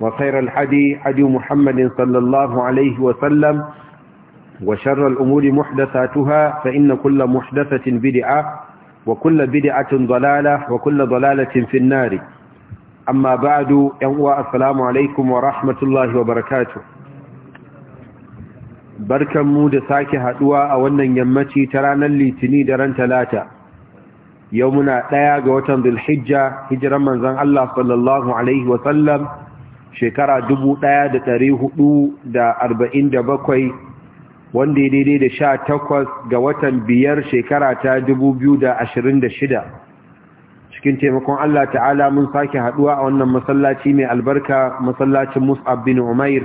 وخير الحدي حدي محمد صلى الله عليه وسلم وشر الأمور محدثاتها فإن كل محدثة بدعة وكل بدعة ضلالة وكل ضلالة في النار أما بعد يوى السلام عليكم ورحمة الله وبركاته barkan mu da sake haɗuwa a wannan yammaci ta ranar litini da ran talata yau muna ɗaya ga watan dhulhijja hijiran manzon Allah sallallahu shekara ɗaya da da 1447 wanda ya daidai da sha takwas ga watan biyar shekara ta da ashirin shida. cikin taimakon Allah ta'ala mun sake haduwa a wannan masallaci mai albarka masallacin Mus'ab bin Umair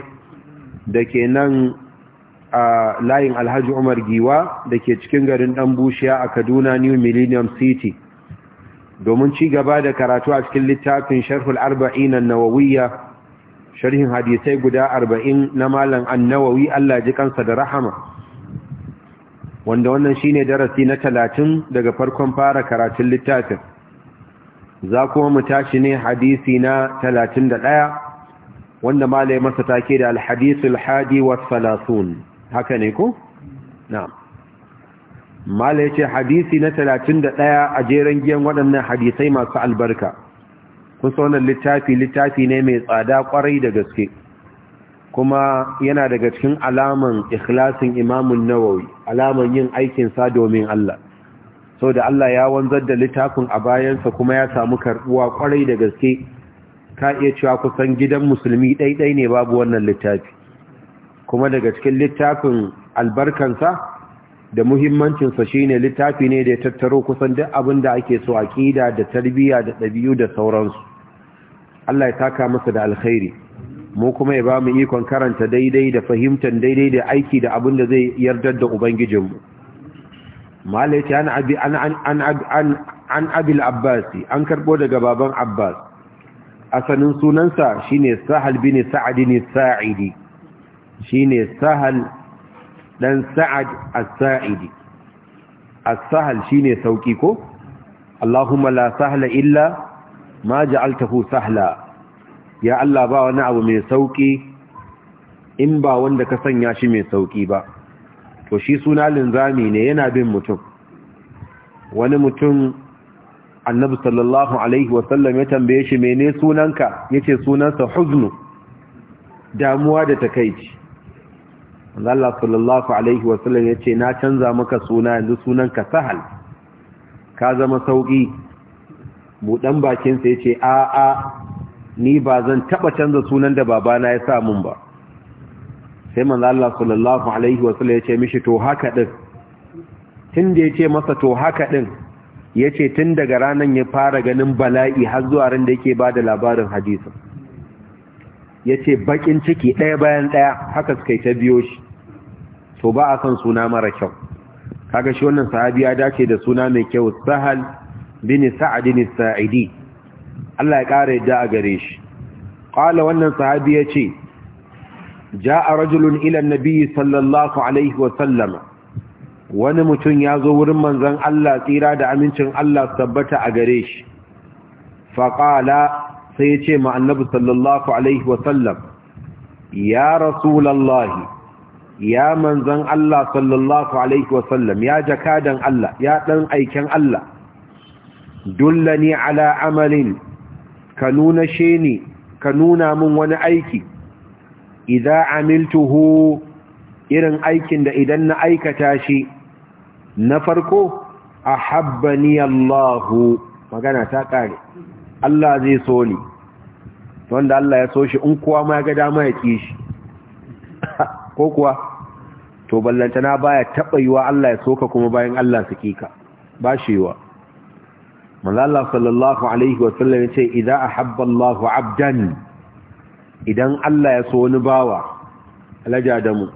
da ke nan a layin Alhaji Umar Giwa da ke cikin garin ɗan Bushiya a Kaduna New Millennium City domin ci gaba da karatu a cikin littafin Sharhul Arba'in an-Nawawiyya sharhin hadisai guda arba'in na malam annawawi Allah ji kansa da rahama wanda wannan shine darasi na talatin daga farkon fara karatun littafin za kuma mu tashi ne hadisi na talatin da ɗaya wanda malai masa take da alhadisul hadi wa salasun haka ne ku? na'am malai ce hadisi na talatin da ɗaya a jeren giyan waɗannan hadisai masu albarka Kusa wannan littafi littafi ne mai tsada kwarai da gaske kuma yana daga cikin alaman ikhlasin imamun nawawi alaman yin aikinsa domin Allah sau da Allah ya wanzar da littafin a bayansa kuma ya samu karbuwa kwarai da gaske ka iya cewa kusan gidan musulmi ɗaiɗai ne babu wannan littafi kuma daga cikin littafin albarkansa da muhimmancinsa shine littafi ne da ya tattaro kusan duk abin da ake so aƙida da tarbiyya da ɗabi'u da sauransu Allah ya taka masa da alkhairi mu kuma ya ba mu ikon karanta daidai da fahimtar daidai da aiki da abin da zai yardar da ubangijinmu mu an abi an an an an abil abbasi an karbo daga baban abbas asanin sunansa shine sahal bin sa'ad bin sa'idi shine sahal dan sa'ad as-sa'idi as-sahal shine sauki ko Allahumma la sahla illa ma ja'altahu sahla ya Allah ba wani abu mai sauki in ba wanda ka sanya shi mai sauki ba to shi suna linzami ne yana bin mutum wani mutum annabi sallallahu alaihi wasallam ya tambaye shi mene sunanka yace sunansa huznu damuwa da takeici Allah sallallahu alaihi wasallam yace na canza maka suna yanzu sunanka sahal ka zama sauki buɗan bakinsa ya ce a a ni ba zan taɓa canza sunan da babana ya sa mun ba sai manzo Allah sallallahu alaihi wasallam ya ce mishi to haka din tun da ya ce masa to haka din ya ce tun daga ranar ya fara ganin bala'i har zuwa ran da yake ba da labarin hadisa ya ce bakin ciki ɗaya bayan ɗaya haka suka yi ta biyo shi to ba a son suna mara kyau kaga shi wannan sahabi ya dace da suna mai kyau sahal bin sa'ad bin sa'idi Allah ya kare da a gare shi qala wannan sahabi yace ja'a rajulun ila an-nabi sallallahu alaihi wa sallama wani mutum ya zo wurin manzon Allah tsira da amincin Allah tabbata a gare shi faqala sai yace ma annabi sallallahu alaihi wa sallam ya rasulullahi ya manzan Allah sallallahu Alaihi wa sallam, ya jakadan Allah ya dan aikin Allah dullani ala amalin ka nuna she ni ka nuna min wani aiki idza amiltuhu irin aikin da idan na aikata shi na farko ahabbani Allahu magana ta kare Allah zai so ni wanda Allah ya so shi in kowa ma ga dama ya ki shi ko kuwa to ballantana baya taɓa yiwa Allah ya soka kuma bayan Allah su kika ba shi yiwa Malala sallallahu alaihi wasallam ya ce idan ahabba Allahu abdan idan Allah ya so wani bawa alaja da mu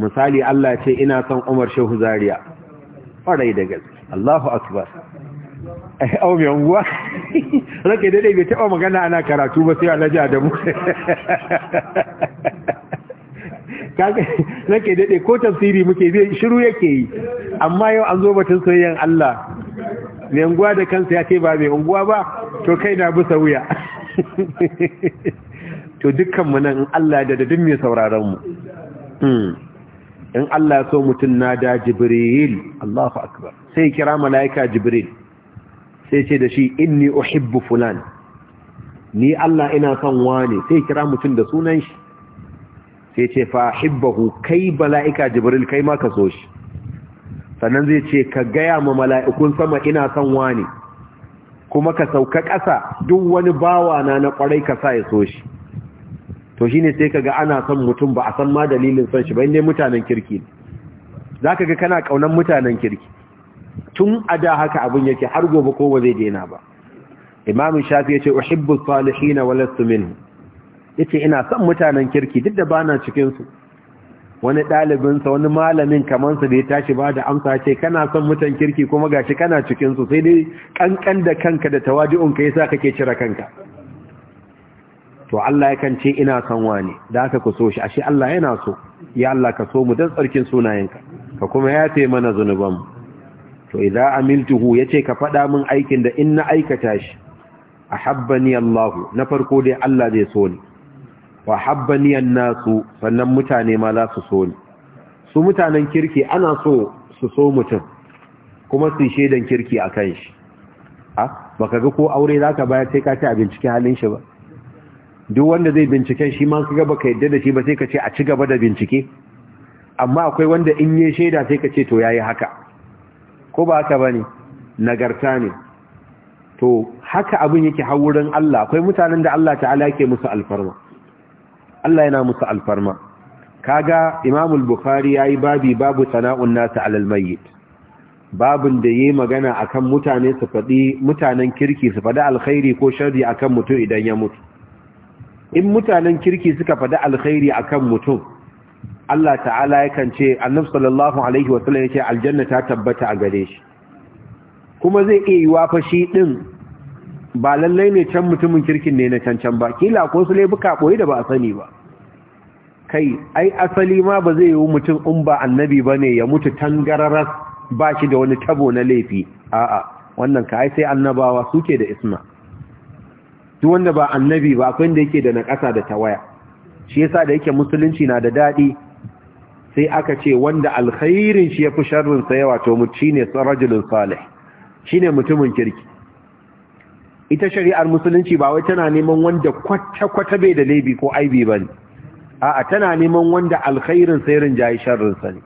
misali Allah ya ce ina son Umar Shehu Zaria farai da gaske Allahu akbar eh au mai unguwa rake dai bai taba magana ana karatu ba sai alaja da mu kaga nake dade ko tafsiri muke zai shiru yake yi amma yau an zo batun soyayyen Allah mai unguwa da kansa ya ce ba mai unguwa ba to kai na bisa wuya to dukkanmu nan in Allah da dadin mai mu hmm. in Allah so mutum na da jibril Allahu akbar sai kira mala'ika jibril sai ce da shi inni uhibbu fulan ni Allah ina son wani sai kira mutum da sunan shi sai ce fa hibbahu kai mala'ika jibril kai ma ka so shi sannan zai ce ka gaya ma mala'ikun sama ina son wani kuma ka sauka ƙasa duk wani bawa na ƙwarai ka sa ya so shi to shi ne sai ka ga ana son mutum ba a san ma dalilin son shi ba inda mutanen kirki za ka ga kana ƙaunar mutanen kirki tun a da haka abin yake har gobe ko ba zai daina ba imamin shafi ya ce uhibbu salihina walastu minhu yace ina son mutanen kirki duk da bana cikin wani ɗalibinsa wani malamin kamansa da ya tashi ba da amsa ce kana son mutan kirki kuma gashi kana cikinsu sai dai ƙanƙan da kanka da tawadi'unka ya sa kake cire kanka to Allah ya ce ina son wani da haka ku so shi ashe Allah yana so ya Allah ka so mu dan tsarkin sunayenka ka kuma ya ce mana mu. to idza amiltuhu yace ka faɗa min aikin da in na aikata shi ahabbani Allah na farko dai Allah zai so ni wa habbaniyan nasu sannan mutane ma za su so ni su mutanen kirki ana so su so mutum kuma su shaidan kirki a kan shi ba ga ko aure za ka bayar sai ka ci a binciken halin shi ba duk wanda zai binciken shi ma kaga baka yadda da shi ba sai ka ce a ci gaba da bincike amma akwai wanda in yi shaida sai ka ce to yayi haka ko ba haka bane nagarta ne to haka abin yake har wurin Allah akwai mutanen da Allah ta'ala yake musu alfarma Allah yana musu alfarma kaga Imam al-Bukhari yayi babi babu sana'un nasu alal mayyit babun da yayi magana akan mutane su fadi mutanen kirki su fadi alkhairi ko sharri akan mutum idan ya mutu in mutanen kirki suka fadi alkhairi akan mutum Allah ta'ala yakan ce Annabi sallallahu alaihi wasallam aljanna ta tabbata a gare shi kuma zai iya yi wafa shi ɗin ba lallai ne can mutumin kirkin ne na cancan ba kila ko su lebuka ɓoye da ba a sani ba kai ai asali ma ba zai yi mutum in ba annabi ba ne ya mutu tangararas ba shi da wani tabo na laifi a'a wannan ka ai sai annabawa suke da isma duk wanda ba annabi ba akwai da yake da na ƙasa da tawaya shi yasa da yake musulunci na da daɗi sai aka ce wanda alkhairin shi ya fi sharrin sa yawa to mutum ne rajulun salih shine mutumin kirki ita shari'ar musulunci ba wai tana neman wanda kwata-kwata bai da laifi ko aibi bane a'a tana neman wanda alkhairin sairin jayi sharrinsa ne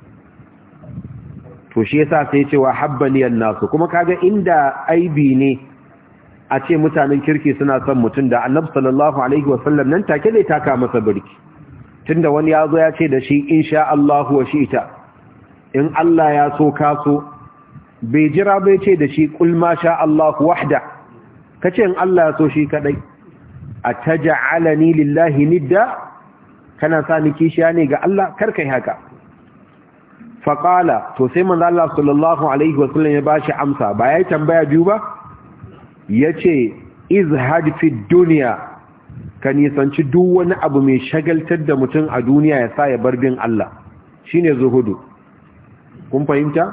to shi yasa sai cewa habbani nasu? kuma kaga inda aibi ne a ce mutanen kirki suna son mutum da annab sallallahu alaihi wasallam nan take zai taka masa birki tunda wani ya zo ya ce da shi insha Allah wa ita in Allah ya so ka so bai jira bai ce da shi kul ma sha Allah wahda kace in Allah ya so shi kadai ataj'alani lillahi nidda kana sa ni kishiya ne ga Allah kar kai haka Faƙala to sai manzo Allah sallallahu alaihi wasallam ya bashi amsa ba yayi tambaya biyu ba yace izhad fi dunya ka nisanci duk wani abu mai shagaltar da mutum a duniya ya sa ya bar bin Allah shine zuhudu kun fahimta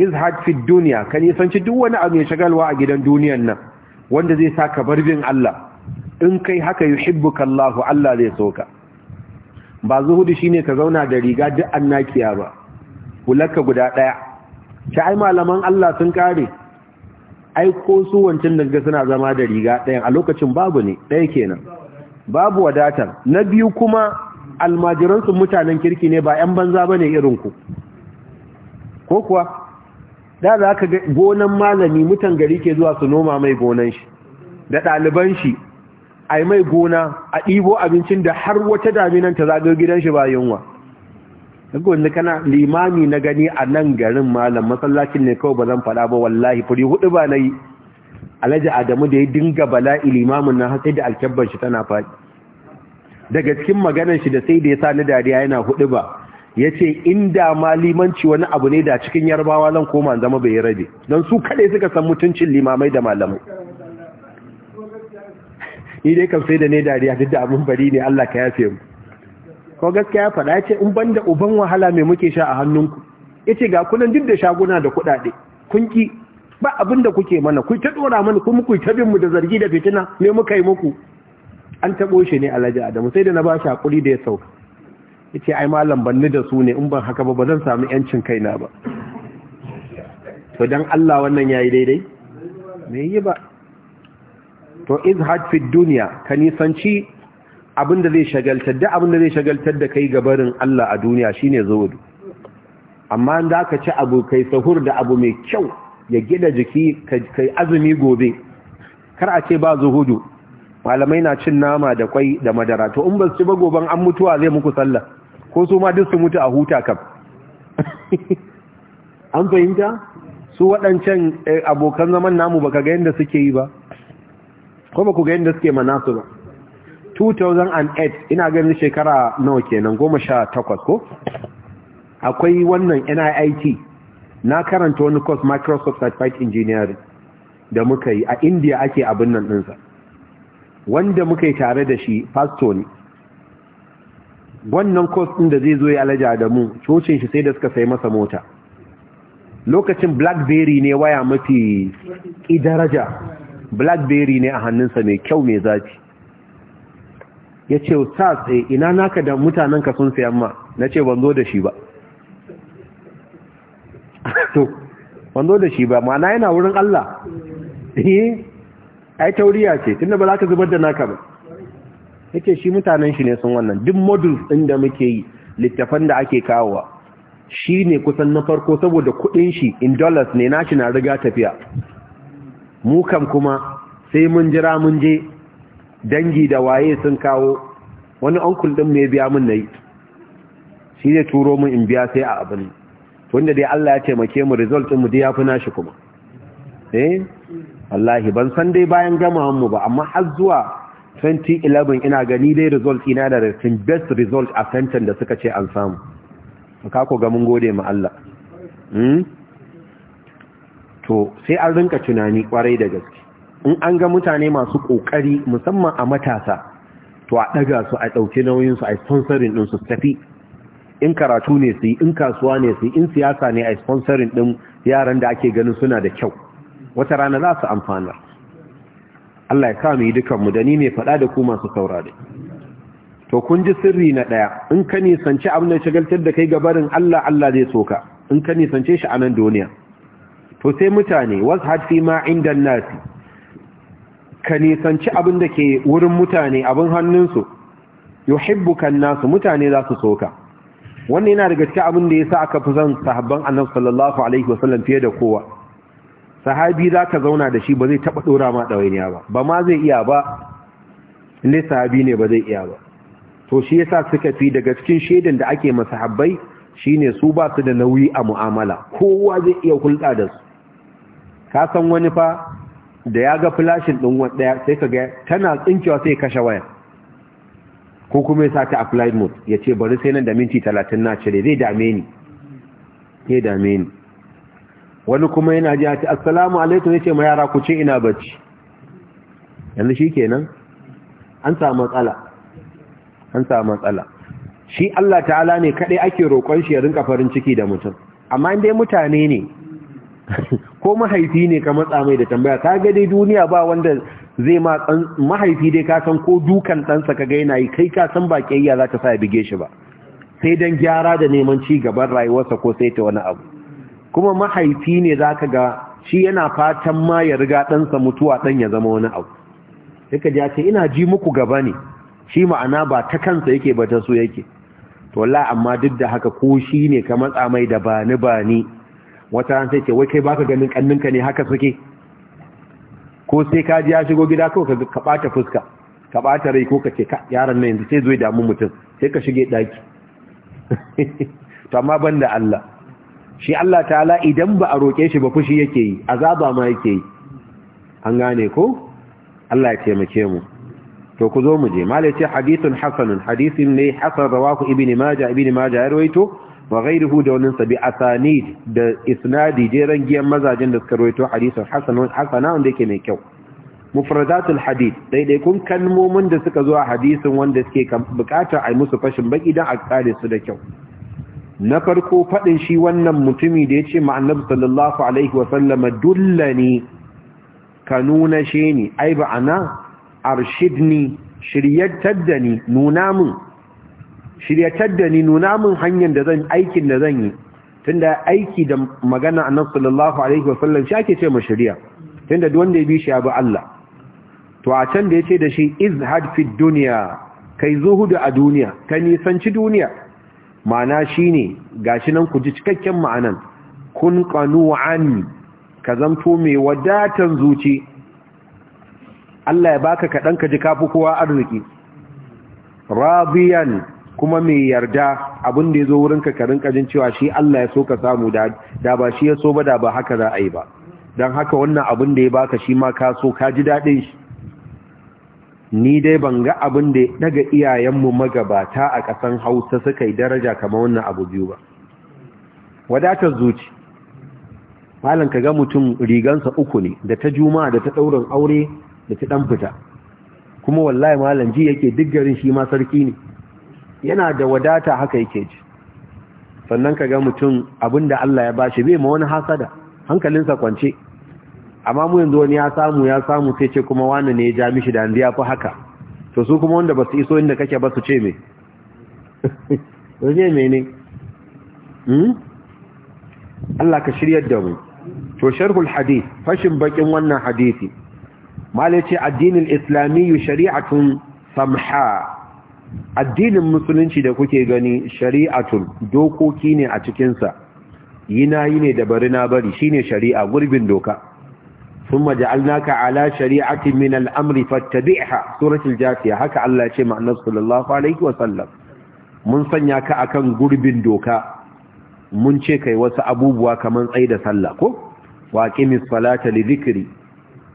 izhad fi dunya ka nisanci duk wani abu mai shagalwa a gidan duniyan nan wanda zai sa ka bar bin Allah in kai haka yuhibbuka Allah Allah zai soka ba zuhudu shine ka zauna da riga duk annakiya ba hularka guda ɗaya ta ai malaman Allah sun kare ai ko su wancan daga suna zama da riga ɗayan a lokacin babu ne ɗaya kenan babu wadatar na biyu kuma almajiransu mutanen kirki ne ba 'yan banza ba ne ku. ko kuwa da za ka gonan malami mutan gari ke zuwa su noma mai gonan shi da ɗaliban shi a yi mai gona a ɗibo abincin da har wata daminan ta zagar gidan shi ba yunwa wanda kana limami na gani a nan garin malam masallacin ne kawai ba zan faɗa ba wallahi furi hudu ba na yi alaji adamu da ya dinga bala'i limamin nan har da alkyabban shi tana faɗi daga cikin maganar shi da sai da ya sa ni dariya yana hudu ba ya ce inda ma limanci wani abu ne da cikin yarbawa zan koma zama bai rabe don su kaɗai suka san mutuncin limamai da malamai ni dai kam sai da ne dariya duk da abin bari ne Allah ka yafe mu ko gaskiya ya faɗa ce in banda uban wahala mai muke sha a hannunku yace ga kunan duk da shaguna da kuɗaɗe kun ki ba abin da kuke mana ku ta dora mana kuma ku ta bin mu da zargi da fitina me muka yi muku an tabo shi ne Alhaji Adamu sai da na ba shi hakuri da ya sauka yace ai malam banni da su ne in ban haka ba ba zan samu yancin kaina ba to dan Allah wannan yayi daidai me yi ba to izhad fi duniya ka nisanci abinda zai shagaltar da abinda zai shagaltar da kai gabarin Allah a duniya shine zuhudu amma za ka ci abu kai sahur da abu mai kyau ya gida jiki kai azumi gobe kar a ce ba zuhudu malamai na cin nama da kwai da madara to in ba su ci ba goben an mutuwa zai muku sallah ko su ma duk su mutu a huta kam an fahimta su waɗancan eh, abokan zaman namu baka ga yadda suke yi ba ko ba ku ga yadda suke manasu ba 2008 ina ganin shekara nawa kenan goma sha takwas ko akwai wannan NIIT na karanta wani course Microsoft Certified Engineering da muka yi a India ake abin nan ɗinsa wanda muka yi tare da shi pastor ne wannan course ɗin da zai zo ya alaja da mu cocin shi sai da suka sai masa mota lokacin blackberry ne waya mafi ƙi daraja blackberry ne a hannunsa mai kyau mai zafi ya ce sa tsaye ina naka da mutanenka sun sayan ma na ce ban zo da shi ba to ban zo da shi ba ma'ana yana wurin Allah eh ai tauriya ce tunda ba za ka zubar da naka ba yake shi mutanen shi ne sun wannan duk modules ɗin da muke yi littafan da ake kawowa shi ne kusan na farko saboda kuɗin shi in dollars ne shi na riga tafiya Mukan kuma sai mun jira mun je dangi da waye sun kawo wani onkul din mai biya mun nayi shi zai turo mun in biya sai a abin wanda dai Allah ya taimake mu result din mu dai yafi nashi kuma eh wallahi ban san dai bayan gamawan mu ba amma har zuwa 2011 ina gani dai result ina da the best result a center da suka ce an samu ka ko ga mun gode ma Allah mm to sai an rinka tunani kwarai da gaske in an ga mutane masu kokari musamman a matasa to a daga su a dauke nauyin su a sponsoring din su tafi in karatu ne su yi in kasuwa ne su in siyasa ne a sponsoring din yaran da ake ganin suna da kyau wata rana za su amfana Allah ya yi dukanmu da ni ne fada da ku masu saurare to kun ji sirri na ɗaya in ka nisanci abin da shagaltar da kai gabarin Allah Allah zai soka in ka nisance shi a nan duniya to sai mutane wasu hadfi ma inda nasi ka nisanci abin da ke wurin mutane abin hannunsu yuhibbukan nasu mutane za su soka wannan yana daga cikin abin da ya sa aka fi zan sahabban annabi sallallahu alaihi wasallam fiye da kowa sahabi za ka zauna da shi ba zai taɓa ɗora ma ɗawainiya ba ba ma zai iya ba inda sahabi ne ba zai iya ba to shi yasa suka fi daga cikin shaidan da ake masahabbai shine su ba su da nauyi a mu'amala kowa zai iya hulɗa da su ka san wani fa da ya ga flashin ɗin wadaya sai ka ga tana tsinkewa sai kashe waya ko kuma ya sata applied mode ya ce bari sai nan da minti talatin na cire zai dame ni zai dame ni wani kuma yana ji a ce assalamu alaikum yace ma yara ku ce ina bacci yanzu shi kenan an samu matsala an samu matsala shi Allah ta'ala ne kadai ake roƙon shi ya rinka farin ciki da mutum amma dai mutane ne ko mahaifi ne ka matsa mai da tambaya ka ga dai duniya ba wanda zai ma mahaifi dai ka san ko dukan ɗansa ka gaina, yi kai ka san ba za ta sa ya bige shi ba sai don gyara da neman ci gaban rayuwarsa ko sai ta wani abu kuma mahaifi ne za ka ga shi yana fatan ma ya riga ɗansa mutuwa ɗan ya zama wani abu Duka ji ce ina ji muku gaba ne shi ma'ana ba ta kansa yake ba ta so yake to wallahi amma duk da haka ko shi ne ka matsa mai da bani bani wata an sai ce wai kai baka ganin kanninka ne haka suke ko sai ka ji ya shigo gida ko ka bata fuska ka bata rai ko ka ce yaron nan yanzu sai zo ya damu mutum sai ka shige daki to amma banda Allah shi Allah ta'ala idan ba a roke shi ba fushi yake yi azaba ma yake yi an gane ko Allah ya taimake mu to ku zo mu je malai ce hadithun hasanun hadithin ne hasan rawahu ibn majah ibn majah ya rawaito wa ghayruhu da wani sabi asanid da isnadi jeran giyan mazajen da suka rawaito hadisin hasanun hasana wanda yake mai kyau mufradatul hadith daidai kun kalmomin da suka zo a hadisin wanda suke bukatar yi musu fashin baki dan a tsare su da kyau na farko faɗin shi wannan mutumi da yace ma annabi sallallahu alaihi wa sallama dullani ka nuna shi ni ai arshidni shiryatar da ni nuna min shiryatar da ni nuna min hanyar da zan aikin da zan yi tunda aiki da magana annabi sallallahu alaihi wasallam shi ake ce ma shari'a tunda duk wanda ya bi shi ya bi Allah to a can da yace da shi izhad fi duniya, kai zuhudu a duniya ka nisanci duniya ma'ana shine gashi nan ku ji cikakken ma'anan kun qanu'an ka zanto mai wadatan zuci Allah ya baka kaɗan ka ji kafi kowa arziki radiyan kuma mai yarda abin da ya zo wurin ka kajin cewa shi Allah ya so ka samu da ba shi ya so ba da ba haka za a yi ba don haka wannan abin da ya baka shi ma ka so ka ji daɗin shi ni dai ban ga abin da ya daga iyayenmu magabata a ƙasan hausa suka yi daraja kamar wannan abu biyu ba wadatar zuci malam ka ga mutum rigansa uku ne da ta juma'a da ta ɗaurin aure da ta ɗan fita kuma wallahi malam ji yake duk garin shi ma sarki ne yana da wadata haka yake ji sannan ka ga mutum abinda Allah ya bashi bai ma wani hasada hankalinsa kwance amma mu yanzu wani ya samu ya samu sai ce kuma wani ne ya ja mishi da ya fi haka to su kuma wanda ba su iso inda kake ba su ce me to ne me ne Allah ka shiryar da mu to sharhul hadith fashin bakin wannan hadisi malai ce addinin islamiyyu shari'atun samha addinin musulunci da kuke gani shari'atun dokoki ne a cikinsa yina yi ne da bari na bari shine shari'a gurbin doka sun ja'alnaka ala shari'atin min al'amri fattabi'ha suratul jafiya haka Allah ya ce ma'anar sallallahu alaihi wasallam mun sanya ka akan gurbin doka mun ce kai wasu abubuwa kamar tsaye da sallah ko waqimis salata li dhikri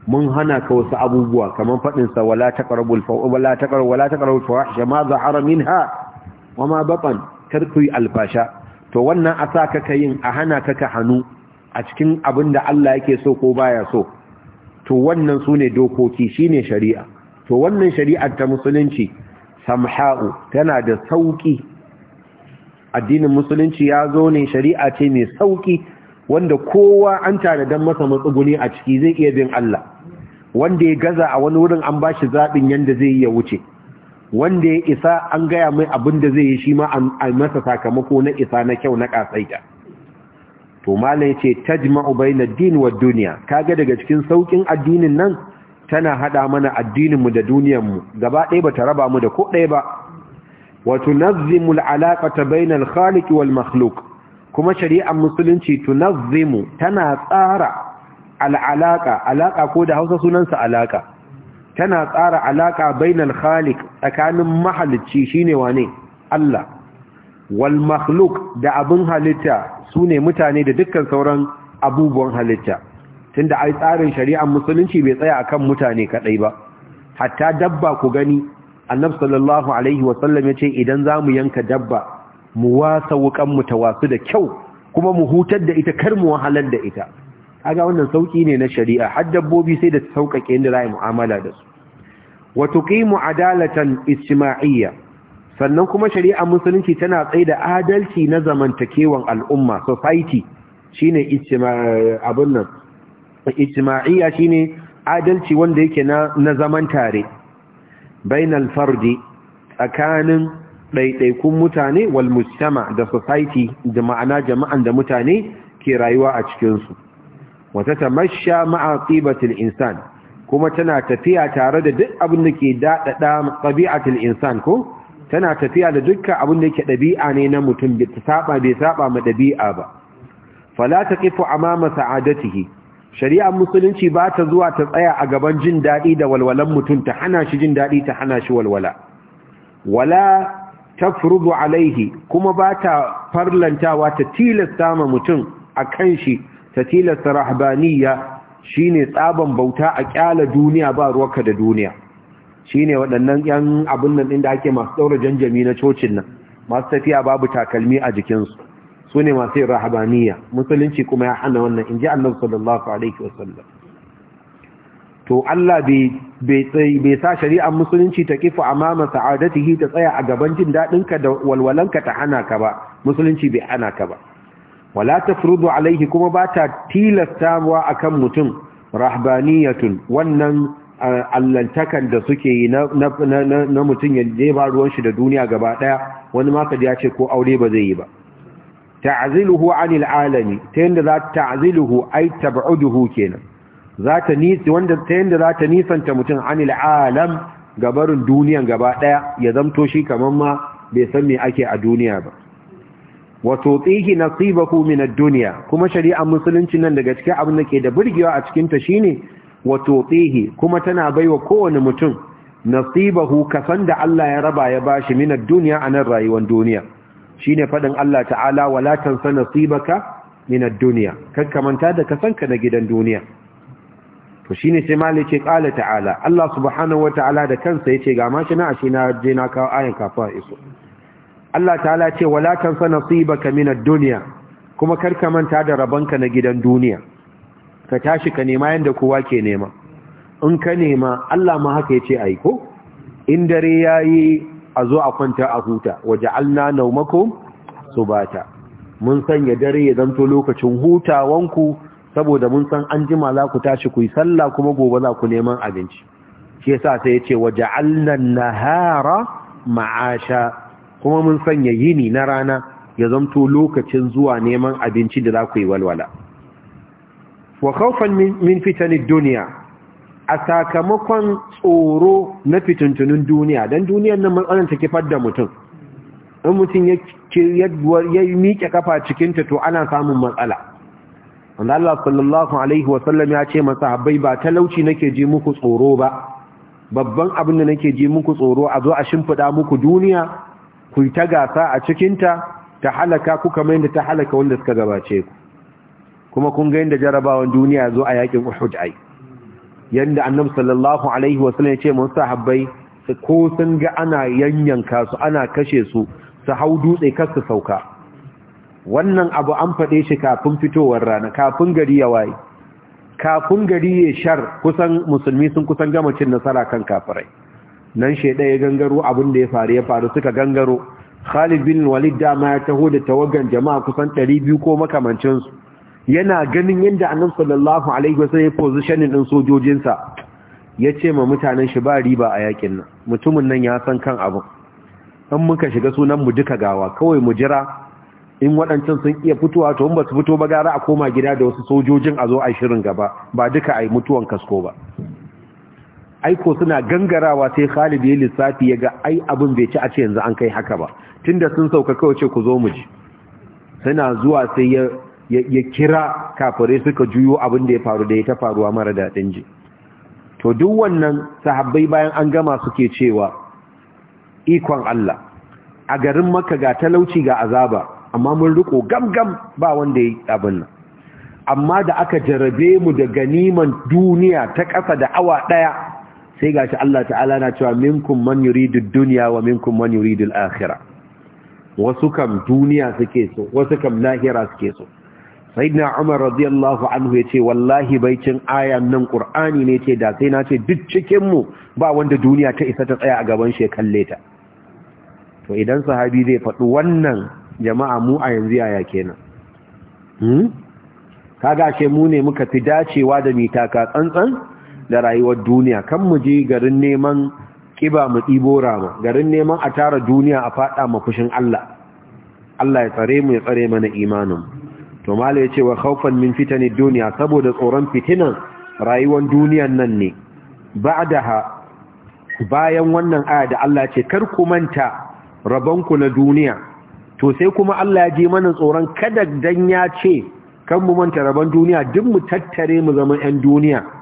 mun hana ka wasu abubuwa kamar faɗinsa wala taqrabul wala taqrabu wala taqrabu fawahisha ma zahara minha wa ma batan alfasha to wannan asa ka kayin a hana ka ka hanu a cikin abinda da Allah yake so ko baya so to wannan sune dokoki shine shari'a to wannan shari'ar ta musulunci samha'u tana da sauki addinin musulunci ya zo ne shari'a ce mai sauƙi, wanda kowa an tare don masa matsuguni a ciki zai iya bin Allah wanda ya gaza a wani wurin an bashi zaɓin yadda zai yi ya wuce wanda ya isa an gaya mai abin da zai yi shi ma a masa sakamako na isa na kyau na ƙasaita to yace ta ce tajma'u na din wa duniya kaga daga cikin sauƙin addinin nan tana haɗa mana addininmu da duniyar gaba ɗaya bata raba mu da ko ɗaya ba wa tunazzimu ta bainal khaliki wal makhluk kuma shari'ar musulunci tunazimu tana tsara al’alaƙa, alaƙa ko da hausa sunansa alaka tana tsara alaka bainal khalik tsakanin mahalicci shine wane Allah wal makhluq da abin halitta su ne mutane da dukkan sauran abubuwan halitta tunda ai tsarin shari'ar musulunci bai tsaya akan mutane kaɗai ba hatta dabba ku gani annabi sallallahu alaihi wasallam ce, idan zamu yanka dabba mu wasa wukan mu tawasu da kyau kuma mu hutar da ita kar mu wahalar da ita kaga wannan sauki ne na shari'a har dabbobi sai da sauƙaƙe inda za a yi mu'amala da su wa tuqimu adalatan ijtima'iyya sannan kuma shari'a musulunci tana tsaida adalci na zamantakewan al'umma society shine abun nan ijtima'iyya shine adalci wanda yake na na zaman tare bainal fardi tsakanin ɗaiɗaikun mutane wal mujtama da society da ma'ana jama'an da mutane ke rayuwa a cikinsu wata tamasha ma'a qibatil insan kuma tana tafiya tare da duk abin da ke daɗaɗa ɗabi'atul insan ko tana tafiya da dukkan abin da ke ɗabi'a ne na mutum bai saba ma ɗabi'a ba fala taqifu amama sa'adatihi shari'ar musulunci ba ta zuwa ta tsaya a gaban jin daɗi da walwalan mutum ta hana shi jin daɗi ta hana shi walwala wala tafrudu alaihi kuma ba ta farlantawa ta tilasta ma mutum akan shi ta tilasta rahbaniya shine tsaban bauta a kyala duniya ba ruwaka da duniya shine waɗannan yan abin nan da ake masu daura janjami na cocin nan masu tafiya babu takalmi a jikinsu su ne masu yin rahabaniya musulunci kuma ya hana wannan in ji annabi sallallahu alaihi wasallam to Allah bai sa shari'ar musulunci ta kifa amama sa'adatihi ta tsaya a gaban jin daɗinka da walwalanka ta hana ka ba musulunci bai hana ka ba wala ta furudu alaihi kuma ba ta tilasta wa a kan mutum rahbaniyatun wannan allantakan da suke yi na mutum ya je ba ruwan shi da duniya gaba daya wani maka ya ce ko aure ba zai yi ba ta'aziluhu anil alami ta yanda za ta ta'aziluhu ai tab'uduhu kenan za ta nisi wanda ta yanda za ta nisanta mutum anil alam gabarin duniyan gaba daya ya zamto shi kaman ma bai san me ake a duniya ba wato tsihi nasibahu min minar duniya kuma shari'ar musulunci nan daga cikin abin da ke da burgewa a cikin ta shine wato tsihi kuma tana baiwa kowane mutum nasibahu kasan da Allah ya raba ya bashi minar duniya a nan rayuwar duniya Shi ne faɗin Allah ta'ala wala tansa nasibaka min ad-dunya kakkamanta da kasanka na gidan duniya to shi ne sai mali ce kala ta'ala Allah subhanahu Ta'ala da kansa ya ce ga mashi na ashe na je na kawo ayan kafa iso Allah ta'ala ce wala tansa nasibaka mina dunya kuma karka manta da rabanka na gidan duniya ka tashi ka nema yanda kowa ke nema in ka nema Allah ma haka yace ai ko in dare yayi a zo a kwanta a huta waja'alna nawmakum subata mun sanya dare ya zanto lokacin hutawanku saboda mun san an jima za ku tashi ku yi sallah kuma gobe za ku neman abinci shi yasa sai yace waja'alna nahara ma'asha kuma mun sanya yini na rana ya zamto lokacin zuwa neman abinci da za ku yi walwala wa kawfan min fitanid duniya a sakamakon tsoro na fitintunin duniya don duniyar nan ta kifar da mutum in mutum ya ya miƙe kafa cikin ta to ana samun matsala wanda Allah sallallahu alaihi wa ya ce masa, habai ba talauci nake ji muku tsoro ba babban abin da nake ji muku tsoro a zo a shimfiɗa muku duniya ku ta gasa a cikinta ta halaka ku kamar yadda ta halaka wanda suka gabace ku kuma kun ga yadda jarabawan duniya zo a yakin Uhud ai yadda annabi sallallahu alaihi wasallam ya ce mun sahabbai ko sun ga ana yanyanka su ana kashe su su hau dutse kar su sauka wannan abu an faɗe shi kafin fitowar rana kafin gari ya waye kafin gari ya shar kusan musulmi sun kusan gama cin nasara kan kafirai nan shaidan ya gangaro abin da ya faru ya faru suka gangaro Khalid bin Walid dama ya taho da tawagan jama'a kusan 200 ko makamancin su yana ganin yadda Annabi sallallahu alaihi wasallam ya positioning din sojojin sa yace ma mutanen shi ba riba a yakin nan mutumin nan ya san kan abu. in muka shiga sunan mu duka gawa kawai mu jira in waɗancan sun iya fitowa to in ba su fito ba gara a koma gida da wasu sojojin a zo a shirin gaba ba duka a mutuwan kasko ba aiko suna gangarawa sai Khalid ya lissafi ya ga ai abin bai ci a ce yanzu an kai haka ba tunda sun sauka kawai ce ku zo mu ji suna zuwa sai ya kira kafirai suka juyo abin da ya faru da ya ta faruwa mara daɗin ji to duk wannan sahabbai bayan an gama suke cewa ikon Allah a garin maka ga talauci ga azaba amma mun riko gamgam ba wanda ya abin nan amma da aka jarabe mu da ganiman duniya ta kasa da awa ɗaya sai ga shi Allah ta'ala na cewa minkum man yuridu dunya wa minkum man yuridu al-akhirah wasu kam duniya suke so wasu kam lahira suke so sayyidina Umar radiyallahu anhu yace wallahi baicin ayan nan ƙur'ani ne ce da sai na ce duk cikin mu ba wanda duniya ta isa ta tsaya a gaban shi kalle ta to idan sahabi zai faɗi wannan jama'a mu a yanzu yaya kenan hmm kaga mu ne muka fi dacewa da mitaka tsantsan da rayuwar duniya kan mu je garin neman kiba mu ɗibo rama garin neman a tara duniya a faɗa ma fushin Allah Allah ya tsare mu ya tsare mana imanin to mala ya ce wa khaufan min fitani duniya saboda tsoron fitinan rayuwar duniyan nan ne ba'daha bayan wannan aya da Allah ce kar ku manta rabanku na duniya to sai kuma Allah ya ji mana tsoron kada dan ya ce kan mu manta rabon duniya duk mu tattare mu zama 'yan duniya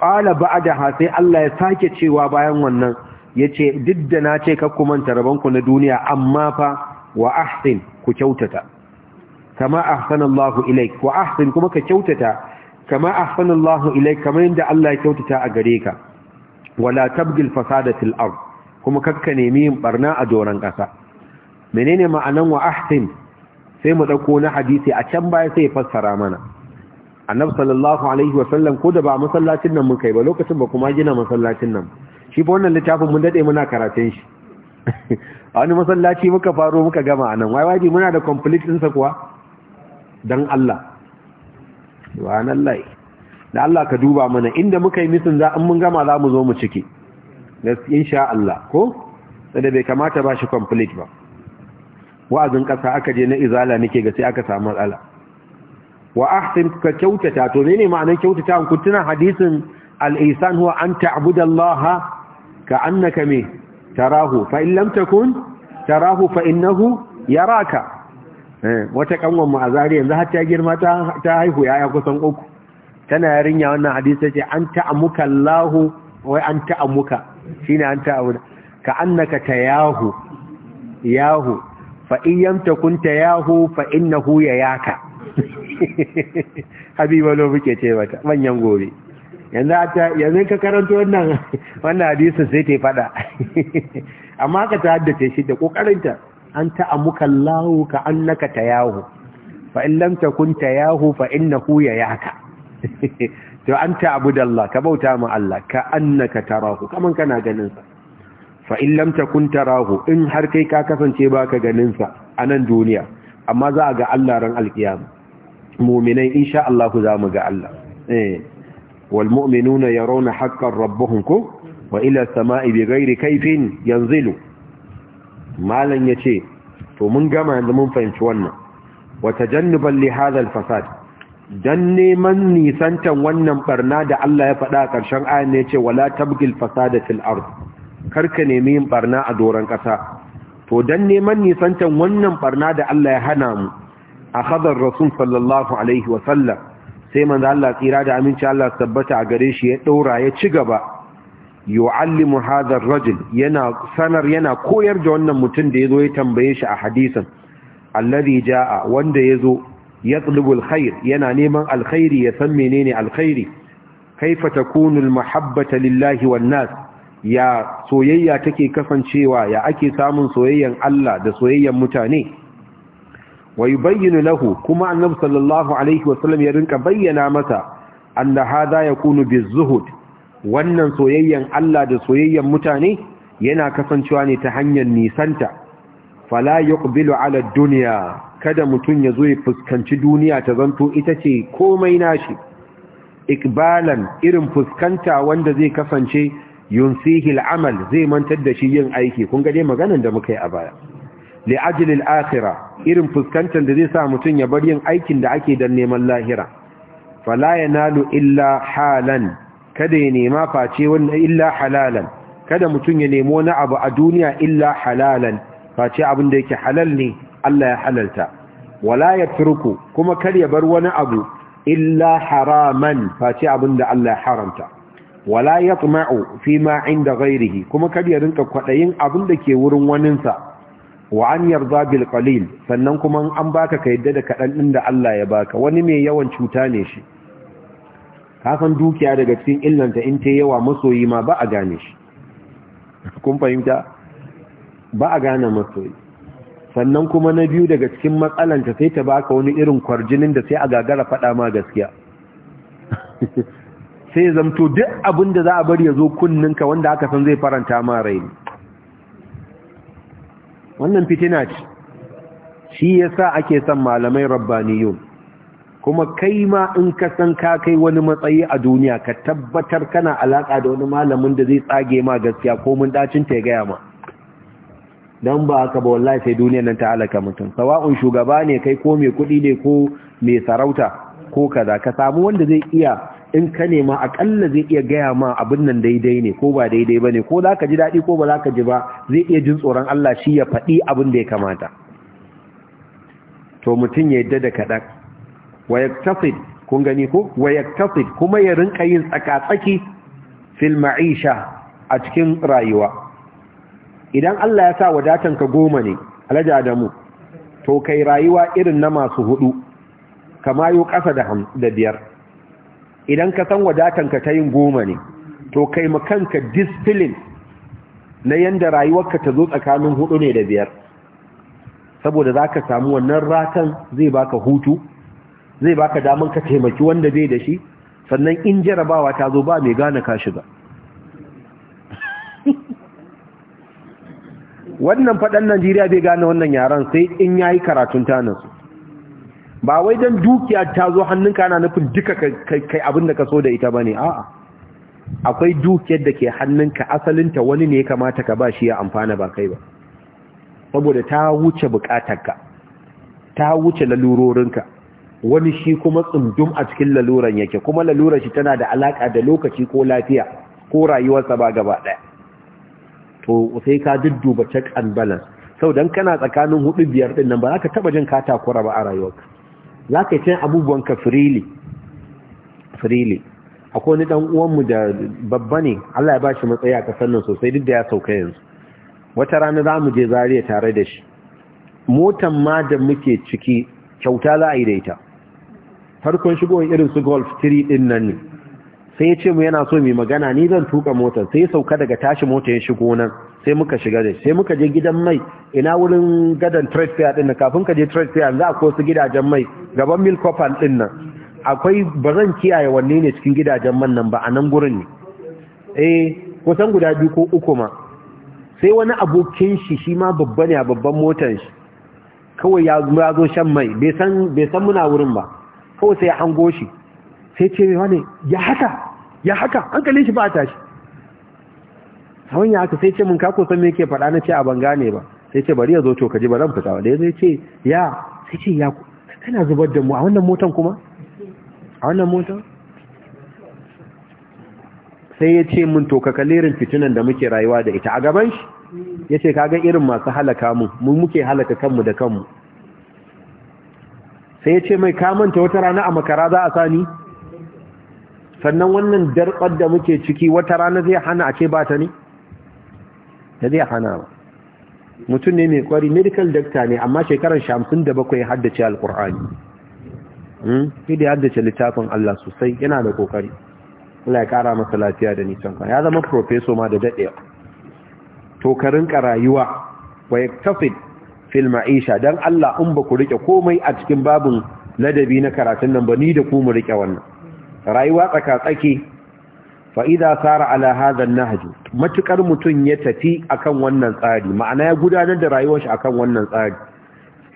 qala da sai Allah ya sake cewa bayan wannan ce duk da na ce kakku manta rabanku na duniya amma fa wa ahsin ku kyautata kama ahsanallahu ilaik wa ahsin kuma ka kyautata kama ahsanallahu ilaik kamar yadda Allah ya kyautata a gare ka wala tabgil fasada fil ard kuma kakka nemi yin barna a doran kasa menene ma'anan wa ahsin sai mu dauko na hadisi a can baya sai ya fassara mana annabi sallallahu alaihi wa sallam ko da ba masallacin nan mun kai ba lokacin ba kuma gina masallacin nan shi ba wannan littafin mun dade muna karatun shi a wani masallaci muka faro muka gama anan wai wai muna da complete din sa kuwa dan Allah subhanallahi da Allah ka duba mana inda muka yi misin za in mun gama za mu zo mu ciki insha Allah ko da bai kamata ba shi complete ba wa'azin kasa aka je na izala nake ga sai aka samu matsala wa ahsin ka kyautata to menene ma'anar kyautata kun kuntuna hadisin al-ihsan huwa an ta'budallaha ka annaka me tarahu fa in lam takun tarahu fa innahu yaraka eh, wata kanwan mu a zari yanzu har ta girma ta haihu yaya kusan uku tana yarinya wannan hadisi ce an ta'amuka Allahu wai an ta'amuka shine an ta'amuka ka annaka tayahu yahu fa in yamtakun tayahu fa innahu yayaka habiba lo muke ce mata manyan gobe yanzu ka karanto wannan wannan hadisin sai ta fada amma ka ta haddace shi da kokarinta an amuka Allahu ka annaka tayahu fa in lam takun tayahu fa innahu yaka. to an ta'budallah ka bauta ma Allah ka annaka tarahu kaman kana ganin sa fa in lam takun tarahu in har kai ka kasance baka ganin sa a nan duniya amma za a ga Allah ran alkiyama mu'minai insha Allah ku za mu ga Allah eh wal mu'minuna yarawna haqqan rabbuhum ku wa ila samai ghairi kayfin yanzilu malan yace to mun gama yanzu mun fahimci wannan wa tajannuban li hadha al fasad dan neman nisantan wannan barna da Allah ya faɗa a ƙarshen ayan ne yace wala tabgil fasada ard karka nemi yin barna a doran ƙasa to dan neman nisantan wannan barna da Allah ya hana mu a khadar rasul sallallahu alaihi wa sallam sai manzo Allah tsira da aminci Allah tabbata a gare shi ya daura ya ci gaba yu'allimu hadha ar-rajul yana sanar yana koyar da wannan mutum da yazo ya tambaye shi a hadisin alladhi jaa wanda yazo yatlubu al-khair yana neman alkhairi ya san menene alkhairi kaifa takunu al-mahabbata lillahi wan nas ya soyayya take kasancewa ya ake samun soyayyan Allah da soyayyan mutane wa yubayyinu lahu kuma annabi sallallahu alaihi wasallam ya rinka bayyana masa anna hadha yakunu bizuhud wannan soyayyan Allah da soyayyan mutane yana kasancewa ne ta hanyar nisanta fala yuqbilu ala dunya kada mutun yazo ya fuskanci duniya ta zanto ita ce komai nashi ikbalan irin fuskanta wanda zai kasance yunsihi al'amal zai mantar da shi yin aiki kun ga dai maganan da muka yi a baya li ajli akhirah irin fuskantar da zai sa mutun ya bar yin aikin da ake dan neman lahira fala yanalu illa halan kada ya nema face wannan illa halalan kada mutun ya nema wani abu a duniya illa halalan face abin da yake halal ne Allah ya halalta wala yatruku kuma kar ya bar wani abu illa haraman face abin da Allah ya haramta wala yatma'u fi ma inda ghairihi kuma kada ya rinka kwadayin abin da ke wurin waninsa wa an yarda bil qalil sannan kuma an baka ka yadda da kadan din da Allah ya baka wani mai yawan cuta ne shi ka san dukiya daga cikin illanta in ta yawa masoyi ma ba a gane shi kun fahimta ba a gane masoyi sannan kuma na biyu daga cikin matsalanta sai ta baka wani irin kwarjinin da sai a gagara faɗa ma gaskiya sai ya zamto duk abin da za a bari ya zo ka wanda aka san zai faranta ma rai wannan fitina ce shi yasa ake san malamai rabbaniyun kuma kai ma in ka san ka kai wani matsayi a duniya ka tabbatar kana alaka da wani malamin da zai tsage ma gaskiya ko mun dacin ta gaya ma dan ba aka ba wallahi sai duniyar nan ta alaka mutum sawa'un shugaba ne kai ko mai kuɗi ne ko mai sarauta ko kaza ka samu wanda zai iya in ka nema akalla zai iya gaya ma abin nan daidai ne ko ba daidai ba ne ko za ka ji daɗi ko ba za ka ji ba zai iya jin tsoron Allah shi ya faɗi abin da ya kamata to mutum ya yadda da kaɗan wayaktafid kun gani ko wayaktafid kuma ya rinka yin tsakatsaki tsaki fil ma'isha a cikin rayuwa idan Allah ya sa wadatan ka goma ne alhaji Adamu to kai rayuwa irin na masu hudu kama yo ƙasa da biyar idan ka san wadatanka ta yin goma ne to kai kanka discipline na yanda rayuwarka ta zo tsakanin hudu ne da biyar saboda za ka samu wannan ratan zai baka hutu zai baka daman ka taimaki wanda bai da shi sannan in jarabawa ta zo ba mai gane ka shiga wannan faɗan najeriya bai gane wannan yaran sai in yayi karatun tanansu ba wai dan dukiya ta zo hannunka ana nufin duka kai abin da ka so da ita ba ne. a'a akwai dukiyar da ke hannunka asalinta wani ne ya kamata ka ba shi ya amfana ba kai ba saboda ta wuce bukatarka ta wuce lalurorinka wani shi kuma tsundum a cikin laluran yake kuma lalurar shi tana da alaka da lokaci ko lafiya ko rayuwarsa ba gaba ɗaya to sai ka dudduba check and balance sau dan kana tsakanin hudu biyar ɗin nan ba za ka taɓa jin ka takura ba a rayuwarka za ka yi cin abubuwanka firili firili akwai wani dan uwanmu da babba ne Allah ya bashi matsayi a kasar nan sosai duk da ya sauka yanzu wata rana za mu je zariya tare da shi motan ma da muke ciki kyauta za a yi da ita farkon shigo irin su golf 3 din nan ne sai ya ce mu yana so mai magana ni zan tuka motar sai ya sauka daga tashi mota ya shigo nan sai muka shiga da sai muka je gidan mai ina wurin gadan trade fair din kafin ka je trade fair za a ko su gidajen mai gaban mil copal din nan akwai bazan kiyaye wanne ne cikin gidajen man nan ba a nan gurin ne eh kusan guda biyu ko uku ma sai wani abokin shi shi ma babba ne a babban motar shi kawai ya zo shan mai bai san bai san muna wurin ba kawai sai ya hango shi sai ce wani ya haka ya haka hankalin shi ba tashi ya aka sai ce mun ka ko san me yake faɗa na ce a banga ne ba sai ce bari ya zo to ka ji ba zan fita ba da ya ce ya sai ce ya kana zubar da mu a wannan motan kuma a wannan motan sai ya ce mun to ka kalirin fitinan da muke rayuwa da ita a gaban shi ya ce kaga irin masu halaka mu mu muke halaka kanmu da kanmu sai ya ce mai manta wata rana a makara za a sani sannan wannan darɓar da muke ciki wata rana zai hana a ce ba ta ne da zai hana ba mutum ne mai kwari medical doctor ne amma shekarar shamsin da bakwai haddace alkur'ani hmm? shi da haddace littafin Allah sosai yana da kokari Allah ya kara masa lafiya da nisan kwana ya zama professor ma da daɗe tokarin karayuwa wa yaktafid fil ma'isha dan Allah in ba ku rike komai a cikin babin ladabi na karatun nan ba ni da ku mu rike wannan rayuwa tsaka tsaki fa'ida tsara ala hadar nahaju matuƙar mutum ya tafi akan wannan tsari ma'ana ya gudanar da rayuwar shi akan wannan tsari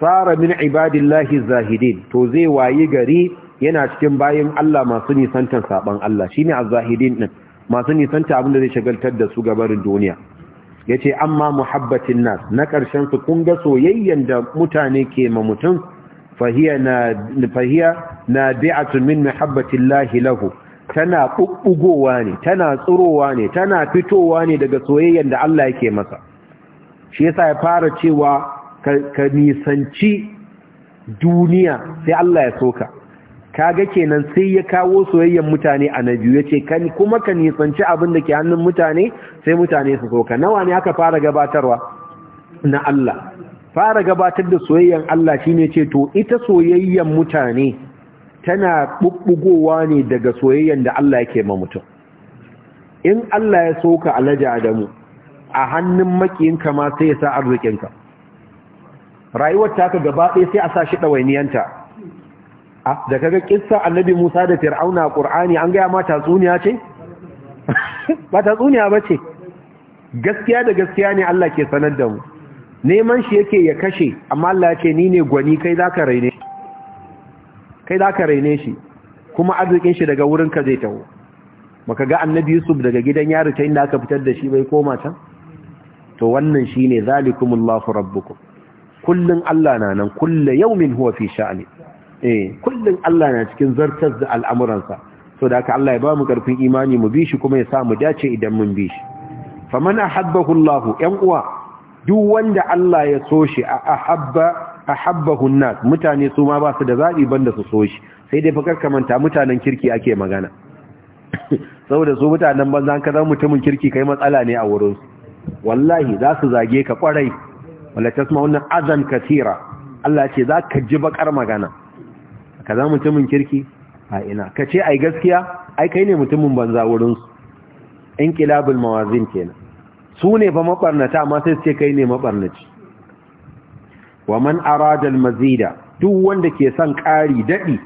tsara min ibadillahi zahidin to zai wayi gari yana cikin bayan Allah masu nisantar saban Allah shine az-zahidin din masu nisanta abinda zai shagaltar da su gabarin duniya Ya ce amma muhabbatin nas na ƙarshen su kun ga soyayyen da mutane ke ma mutum fahiya na fahiya nabi'atun min muhabbatillahi lahu tana ɓuɓɓugowa ne tana tsirowa ne tana fitowa ne daga soyayyar da Allah yake masa shi yasa ya fara cewa ka nisanci duniya sai Allah ya soka kaga kenan sai ya kawo soyayyar mutane a na biyu yace kuma ka nisanci abin da ke hannun mutane sai mutane su soka nawa ne aka fara gabatarwa na Allah fara gabatar da soyayyar Allah shine ce to ita soyayyar mutane tana bubbugowa ne daga soyayyar da Allah yake ma mutum in Allah ya soka alaji Adamu a hannun makiyinka ma sai ya sa arzikinka rayuwar taka gaba ɗaya sai a sa shi ɗawainiyanta da kaga kissa annabi Musa da Fir'auna a Qur'ani an gaya ma tatsuniya ce ba tatsuniya ba ce gaskiya da gaskiya ne Allah ke sanar da mu neman shi yake ya kashe amma Allah ya ce ni ne gwani kai zaka raine kai za ka raine shi kuma arzikin shi daga wurinka zai taho maka ga annabi yusuf daga gidan yari ta inda aka fitar da shi bai koma can to wannan shi ne zalikumullahu rabbukum kullum allah na nan kulle yaumin huwa fi sha'ani eh kullum allah na cikin zartar da al'amuransa so da haka allah ya ba mu karfin imani mu bi shi kuma ya sa mu dace idan mun bi shi faman ahabbahu allah yan uwa duk wanda allah ya so shi a ahabba ahabbahu nas mutane su ma ba su da zabi banda su so shi sai dai fakar kamanta mutanen kirki ake magana saboda su mutanen banza ka zama mutumin kirki kai matsala ne a wurin wallahi za su zage ka kwarai wala tasma'una azan katira Allah ce za ka ji bakar magana ka zama mutumin kirki a ina ka ce ai gaskiya ai kai ne mutumin banza wurin su inkilabul mawazin kenan su ne fa mabarnata amma sai su ce kai ne mabarnaci wa man arada al-mazida duk wanda ke son ƙari dadi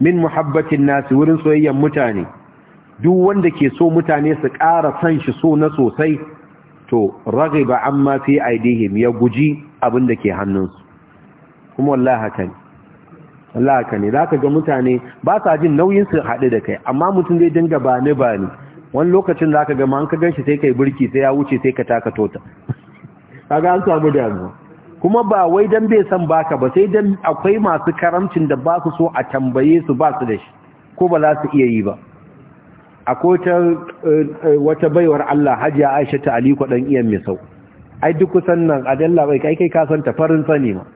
min muhabbatin nasi wurin soyayyen mutane duk wanda ke so mutane su ƙara san shi so na sosai to ragiba amma fi aidihim ya guji abin da ke hannunsu kuma wallahi haka ne wallahi haka ne zaka ga mutane ba sa jin nauyin su haɗu da kai amma mutum zai dinga ba ni ba ni wani lokacin zaka ga ma an ka ganshi sai kai burki sai ya wuce sai ka taka tota kaga an samu damuwa kuma ba wai dan bai san baka ba sai dan akwai masu karamcin da ba su so a tambaye su ba su da shi ko ba za su iya yi ba akwai eh, eh, wata baiwar Allah hajiya Aisha ta Aliko dan iyan mai sau ai duk kusan nan adalla bai kai kai ka san ta farin sani ma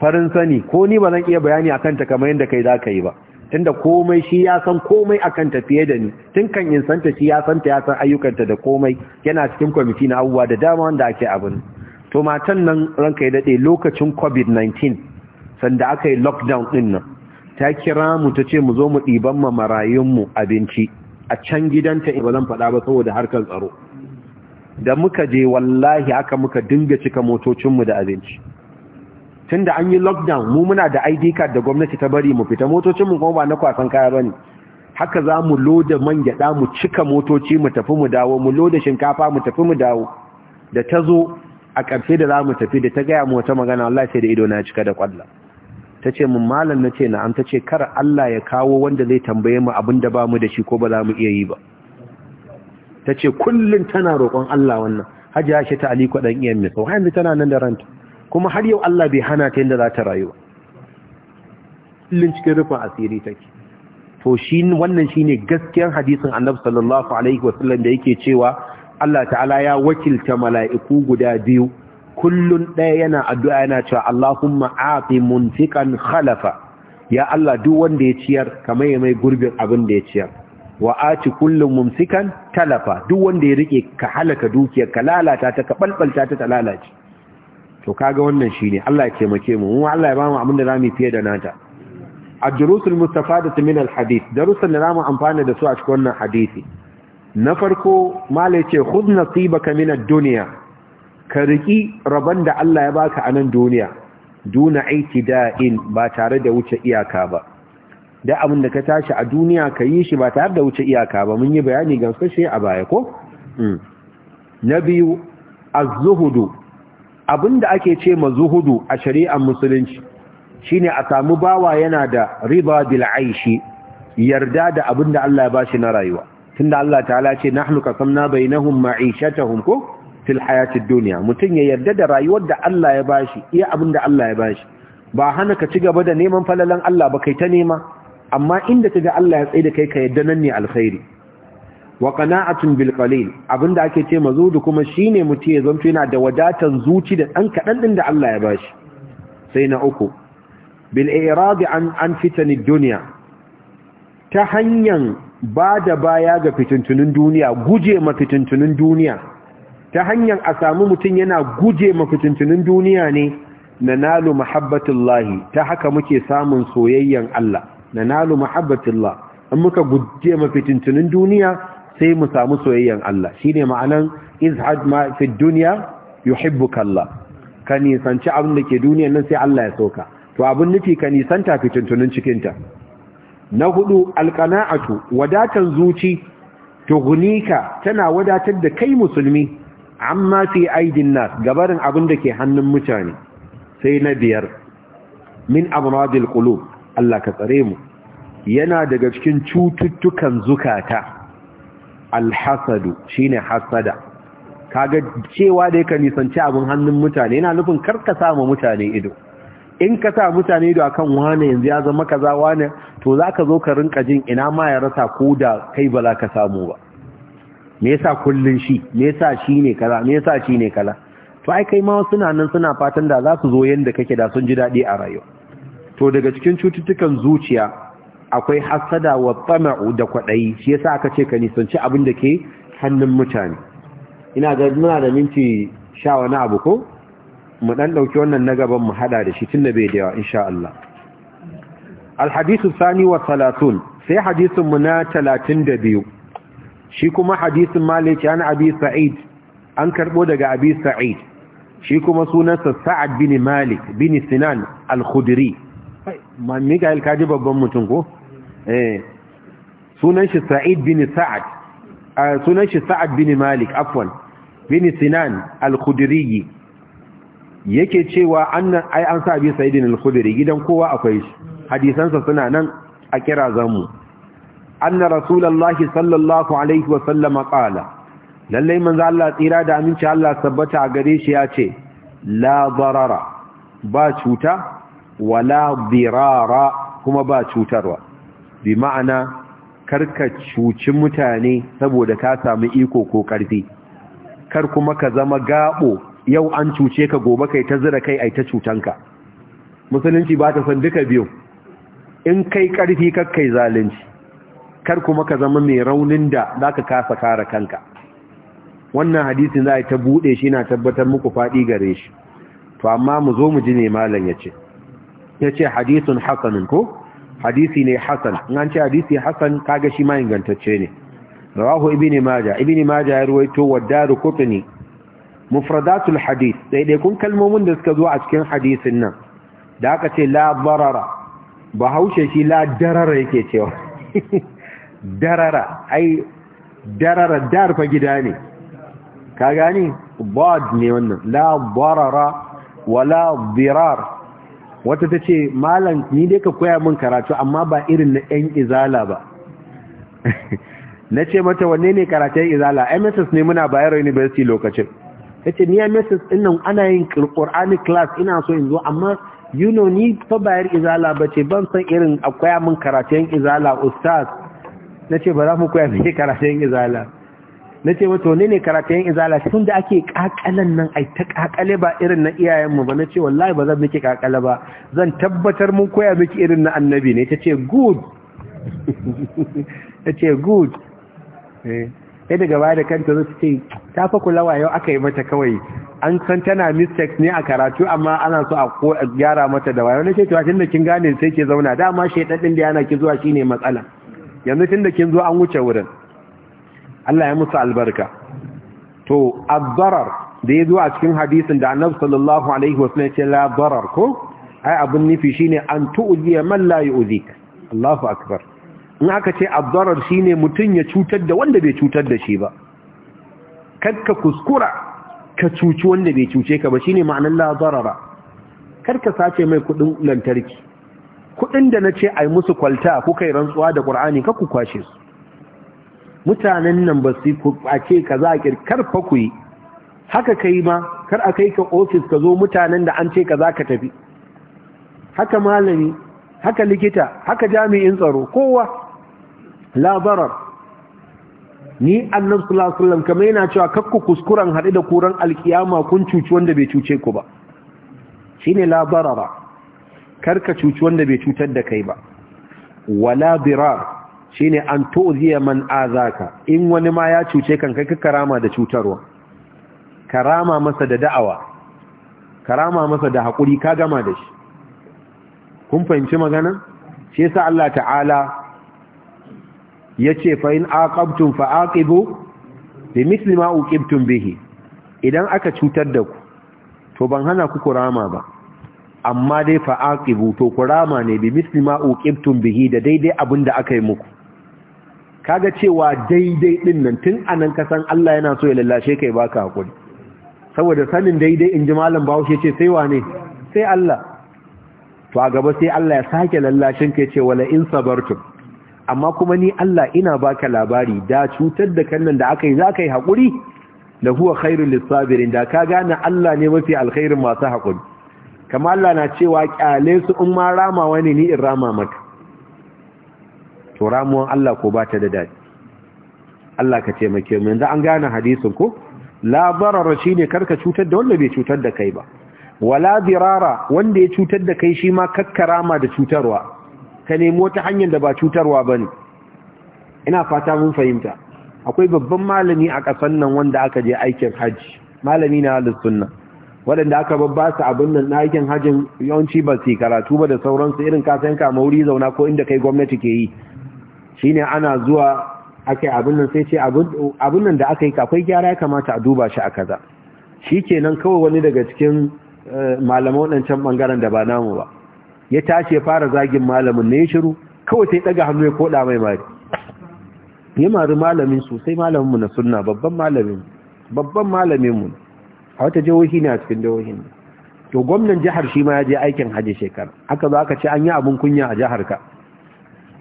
farin sani ko ni ba zan iya bayani akan ta kamar yadda kai zaka yi ba tunda komai shi ya san komai akan ta fiye da ni tun kan in santa shi ya santa ya san ayyukanta da komai yana cikin kwamiti na abubuwa da dama wanda ake abin to matan nan ranka ya daɗe lokacin covid-19 sanda aka yi lockdown ɗin nan ta kira mu ta ce mu zo mu ɗiban ma mu abinci a can gidanta ba zan faɗa ba saboda harkar tsaro da muka je wallahi aka muka dinga cika motocinmu da abinci tun an yi lockdown mu muna da id card da gwamnati ta bari mu fita motocinmu kuma ba na kwasan kaya ba haka za mu loda man gyaɗa mu cika motoci mu tafi mu dawo mu loda shinkafa mu tafi mu dawo da ta zo a ƙarshe da za mu tafi da ta gaya mu wata magana Allah sai da ido na cika da ƙwallon ta ce mun malam na ce na'am ta ce kar Allah ya kawo wanda zai tambaye mu abin da ba mu da shi ko ba za mu iya yi ba ta ce kullum tana roƙon Allah wannan hajiya shi ta aliko ɗan iya mai sau hanyar tana nan da ranta kuma har yau Allah bai hana ta yadda za ta rayu ba? kullum cikin rufin asiri take to shi wannan shi ne gaskiyar hadisin annabi sallallahu alaihi wasallam da yake cewa Allah ta'ala ya wakilta mala'iku guda biyu kullun ɗaya yana addu'a yana cewa Allahumma aati muntikan khalafa ya Allah duk wanda ya ciyar kamar ya mai gurbin abin da ya ciyar wa ati kullum mumsikan talafa duk wanda ya rike ka halaka dukiyar ka lalata ta ka balbalta ta ta lalace to kaga wannan shine Allah ya taimake mu mun Allah ya ba mu abin da zamu fiye da nata ad-durusul mustafadatu min al-hadith darussan da zamu amfana da su a cikin wannan hadisi na farko mala ce khudh nasibaka min ad-dunya ka riki rabon da Allah ya baka a nan duniya duna aiki da'in ba tare da wuce iyaka ba da abin da ka tashi a duniya ka yi shi ba tare da wuce iyaka ba mun yi bayani gamsashe a baya ko mm. na biyu az-zuhudu abin ake ce ma zuhudu a shari'ar musulunci shine a samu bawa yana da riba bil aishi yarda da abinda Allah ya bashi na rayuwa tunda Allah ta'ala ce nahnu qasamna bainahum ma'ishatahum ko fil hayatid dunya mutun ya yarda da rayuwar da Allah ya bashi iya abin da Allah ya bashi ba hana ka ci gaba da neman falalan Allah ba kai ta nema amma inda kaga Allah ya tsaye da kai ka yarda nan ne alkhairi wa qana'atun bil qalil abinda ake ce mazudu kuma shine mutum ya zanto yana da wadatan zuci da dan kadan din da Allah ya bashi sai na uku bil i'rad an an fitanid dunya ta hanyar ba da baya ga fitintunin duniya guje ma fitintunin duniya ta hanyar a samu mutum yana guje ma fitintunin duniya ne na nalu mahabbatullahi ta haka muke samun soyayyen Allah na nalu mahabbatullah in muka guje ma fitintunin duniya sai mu samu soyayyen Allah Shi shine ma'anan izhad ma fi duniya yuhibbuka Allah ka nisanci abin da ke duniya nan sai Allah ya sauka. to abin nufi ka nisanta fitintunin cikinta na hudu alkana'atu wadatar zuci tughnika tana wadatar da kai musulmi amma fi aidin nas gabarin abin da ke hannun mutane sai na biyar min amradil qulub Allah ka tsare mu yana daga cikin cututtukan zukata alhasadu shine hasada kaga cewa da yake nisanci abin hannun mutane yana nufin karkasa sama mutane ido in ka sa mutane da kan wane yanzu ya zama kaza wane to za ka zo ka rinka jin ina ma ya rasa ko da kai ba za ka samu ba me yasa kullun shi me yasa shi ne kaza me yasa shi ne kaza to ai kai ma suna nan suna fatan da za su zo yanda kake da sun ji daɗi a rayuwa to daga cikin cututtukan zuciya akwai hasada wa tsama'u da kwaɗayi shi yasa aka ce ka nisanci abin da ke hannun mutane ina ga muna da minti sha wani abu ko mu dan dauki wannan na gaban mu hada da shi tunda bai da yawa insha Allah al alhadithu thani wa salatun sai hadisin mu na 32 shi kuma hadisin maliki an abi sa'id an karbo daga abi sa'id shi kuma sunansa sa'ad bin malik bin sinan al-khudri man mikael kaji babban mutum ko eh sunan shi sa'id bin sa'ad ah, sunan shi sa'ad bin malik afwan bin sinan al-khudri yake cewa annan ai an sa bi sayyidina al-khudri gidan kowa akwai shi hadisansa suna nan a kira zamu anna rasulullahi sallallahu alaihi wa sallama qala lalle manzo Allah tsira da aminci Allah sabbata a gare shi ya ce la darara ba cuta wala dirara kuma ba cutarwa bi ma'ana karka cuci mutane saboda ka samu iko ko karfi kar kuma ka zama gabo yau an cuce ka gobe kai ta zira kai ai ta cutanka musulunci ba ta san duka biyu in kai karfi kar kai zalunci kar kuma ka zama mai raunin da zaka kasa kare kanka wannan hadisin za a ta bude shi na tabbatar muku fadi gare shi to amma mu zo mu ji ne malam yace yace hadithun hasanun ko hadisi ne hasan an ce hadisi hasan kaga shi ma ingantacce ne rawahu ibni majah ibni majah ya ruwaito wa daru kutni mufradatul hadith daidaikun kalmomin da suka zo a cikin hadisin nan da aka ce la barara ba haushe shi la darara yake cewa darara ai darara darfa gida ne ka gani bad ne wannan la barara wala birar wata ta ce malam ni dai ka koya min karatu amma ba irin na 'yan izala ba na ce mata wanne ne karatun izala mss ne muna bayar university lokacin yace ni ya mesis din ana yin Qur'ani class ina so in zo amma you know ni fa bayar izala bace ban san irin akwai mun karatun izala ustaz Na ce ba za mu koya miki karatun izala Na ce wato ne ne karatun izala sun da ake kakalan nan ai ta kakale ba irin na iyayenmu ba na ce wallahi ba zan miki kakale ba zan tabbatar mun koya miki irin na annabi ne ce good tace good eh sai daga baya da kanta zai ce ta fa kulawa yau aka yi mata kawai an san tana mistakes ne a karatu amma ana so a ko gyara mata da wayo ne ce to tunda kin gane sai ke zauna da dama shedadin da yana ki zuwa shine matsala yanzu tunda kin zo an wuce wurin Allah ya musu albarka to ad-darar da ya zo a cikin hadisin da Annabi sallallahu alaihi wasallam ya ce la darar ko ai abun nufi shine an tu'ziya man la Allahu akbar in aka ce abdarar ne mutum ya cutar da wanda bai cutar da shi ba karka kuskura ka cuci wanda bai cuce ka ba shine ne ma'anin Kar karka sace mai kudin lantarki kudin da na ce ai musu kwalta kukai kai rantsuwa da qur'ani ka ku kwashe su mutanen nan ba su ku ka za a kirkar fa ku yi haka kai ma kar a kai ka ofis ka zo mutanen da an ce ka za ka tafi haka malami haka likita haka jami'in tsaro kowa la darar ni annabi sallallahu alaihi wasallam kamar yana cewa kakku kuskuren hade da kuran alkiyama kun cuci wanda bai cuce ku ba shine la barara karka cuci wanda bai cutar da kai ba wala dirar shine an tuziya man azaka in wani ma ya cuce kan kai karama da cutarwa karama masa da da'awa karama masa da hakuri ka gama da shi kun fahimci magana shi yasa Allah ta'ala Ya ce, in aqabtum fa aqibu bi misli bihi idan aka cutar da ku to ban hana ku kurama ba amma dai fa aqibu to kurama ne bi misli ma bihi da daidai abinda aka yi muku kaga cewa daidai din nan tun anan kasan Allah yana so ya lallashe kai baka hakuri saboda sanin daidai in ji malam Bahaushe ce sai wane sai Allah to a gaba sai Allah ya sake lallashin kai ce wala in sabartum amma kuma ni Allah ina baka labari da cutar da kannan da aka yi za ka yi haƙuri da huwa khairun lissabirin da ka gane Allah ne mafi alkhairin masu haƙuri kama Allah na cewa ƙyale su in ma rama wani ni in rama maka to ramuwan Allah ko ba ta da dadi? Allah ka taimake yanzu an gane hadisin ko labarar shi ne karka cutar da wanda bai cutar da kai ba wala dirara wanda ya cutar da kai shi ma rama da cutarwa ka nemo ta hanyar da ba cutarwa ba ne ina fata mun fahimta akwai babban malami a ƙasar nan wanda aka je aikin hajji malami na halin waɗanda aka babba su abin nan na aikin hajjin yawanci ba su karatu ba da sauransu irin kasan ka mauri zauna ko inda kai gwamnati ke yi Shi ne ana zuwa ake abin nan sai ce abin nan da aka yi akwai gyara ya kamata a duba shi a kaza shi kenan kawai wani daga cikin eh, malaman waɗancan ɓangaren da ba namu ba ya tashi ya fara zagin malamin ne ya shiru kawai sai daga hannu ya koda mai mari ya maru malamin sosai malaminmu na sunna babban malamin babban malaminmu a wata jihohi ne a cikin jihohin ne to gwamnan jihar shi ma ya je aikin hajji shekara aka zo aka ce an yi abun kunya a jihar ka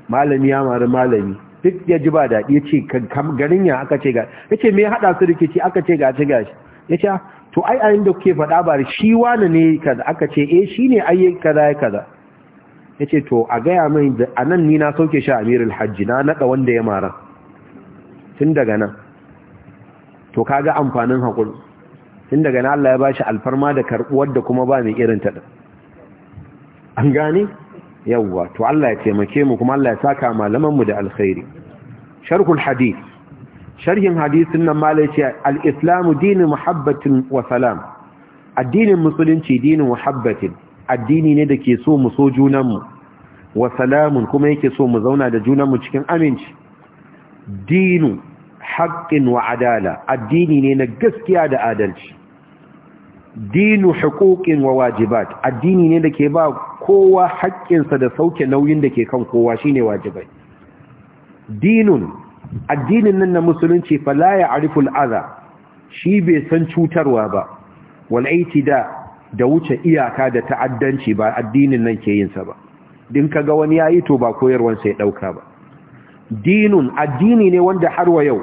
malami ya maru malami duk ya ji ba daɗi ya ce garin ya aka ce ga ya ce me haɗa su rikici aka ce ga ci gashi ya ce ah, to ai ayin da kuke faɗa ba shi wani ne kaza aka ce eh shi ne ai kaza ya kaza ya ce to a gaya mai a nan ni na sauke shi amirul hajji na naɗa wanda ya mara tun daga nan to ka ga amfanin haƙuri tun daga nan Allah ya ba shi alfarma da karɓuwar da kuma ba mai irin taɗa an gane yawwa to Allah ya taimake mu kuma Allah ya saka malamanmu da alkhairi sharhul hadith sharhin hadithin nan malai ce al-islamu dinin muhabbatin wa salam addinin musulunci dinin muhabbatin addini ne da ke so mu so junanmu wa salamun kuma yake so mu zauna da mu cikin aminci dinu haƙƙin wa adala addini ne na gaskiya da adalci dinu haƙoƙin wa wajibat addini ne da ke ba kowa haƙƙinsa da sauke nauyin da ke kan kowa shine wajibai dinun addinin nan na musulunci fala ya ariful aza shi bai san cutarwa ba wal aitida da wuce iyaka da ta'addanci ba addinin nan ke yinsa ba din ga wani yayi to ba koyarwan sai dauka ba dinun addini ne wanda har wa yau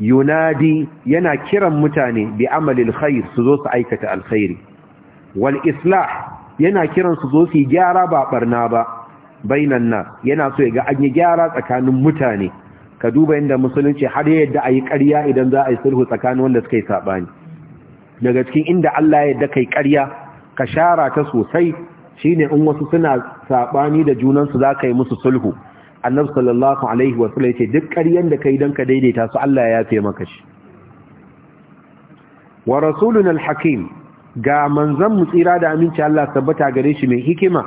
yunadi yana kiran mutane bi amali alkhair su zo su aikata alkhairi wal islah yana kiran su zo su gyara ba barna ba bainan na yana so ya ga an yi gyara tsakanin mutane ka duba inda musulunci har yadda a yi ƙarya idan za a yi sulhu tsakanin wanda suka yi sabani daga cikin inda Allah ya yadda kai ƙarya ka shara ta sosai Shi ne in wasu suna saɓani da junansu za ka yi musu sulhu annabi sallallahu alaihi wasallam ce duk ƙaryan da kai dan ka daidaita su Allah ya yafe maka shi wa rasuluna al-hakim ga manzon mu tsira da aminci Allah tabbata gare shi mai hikima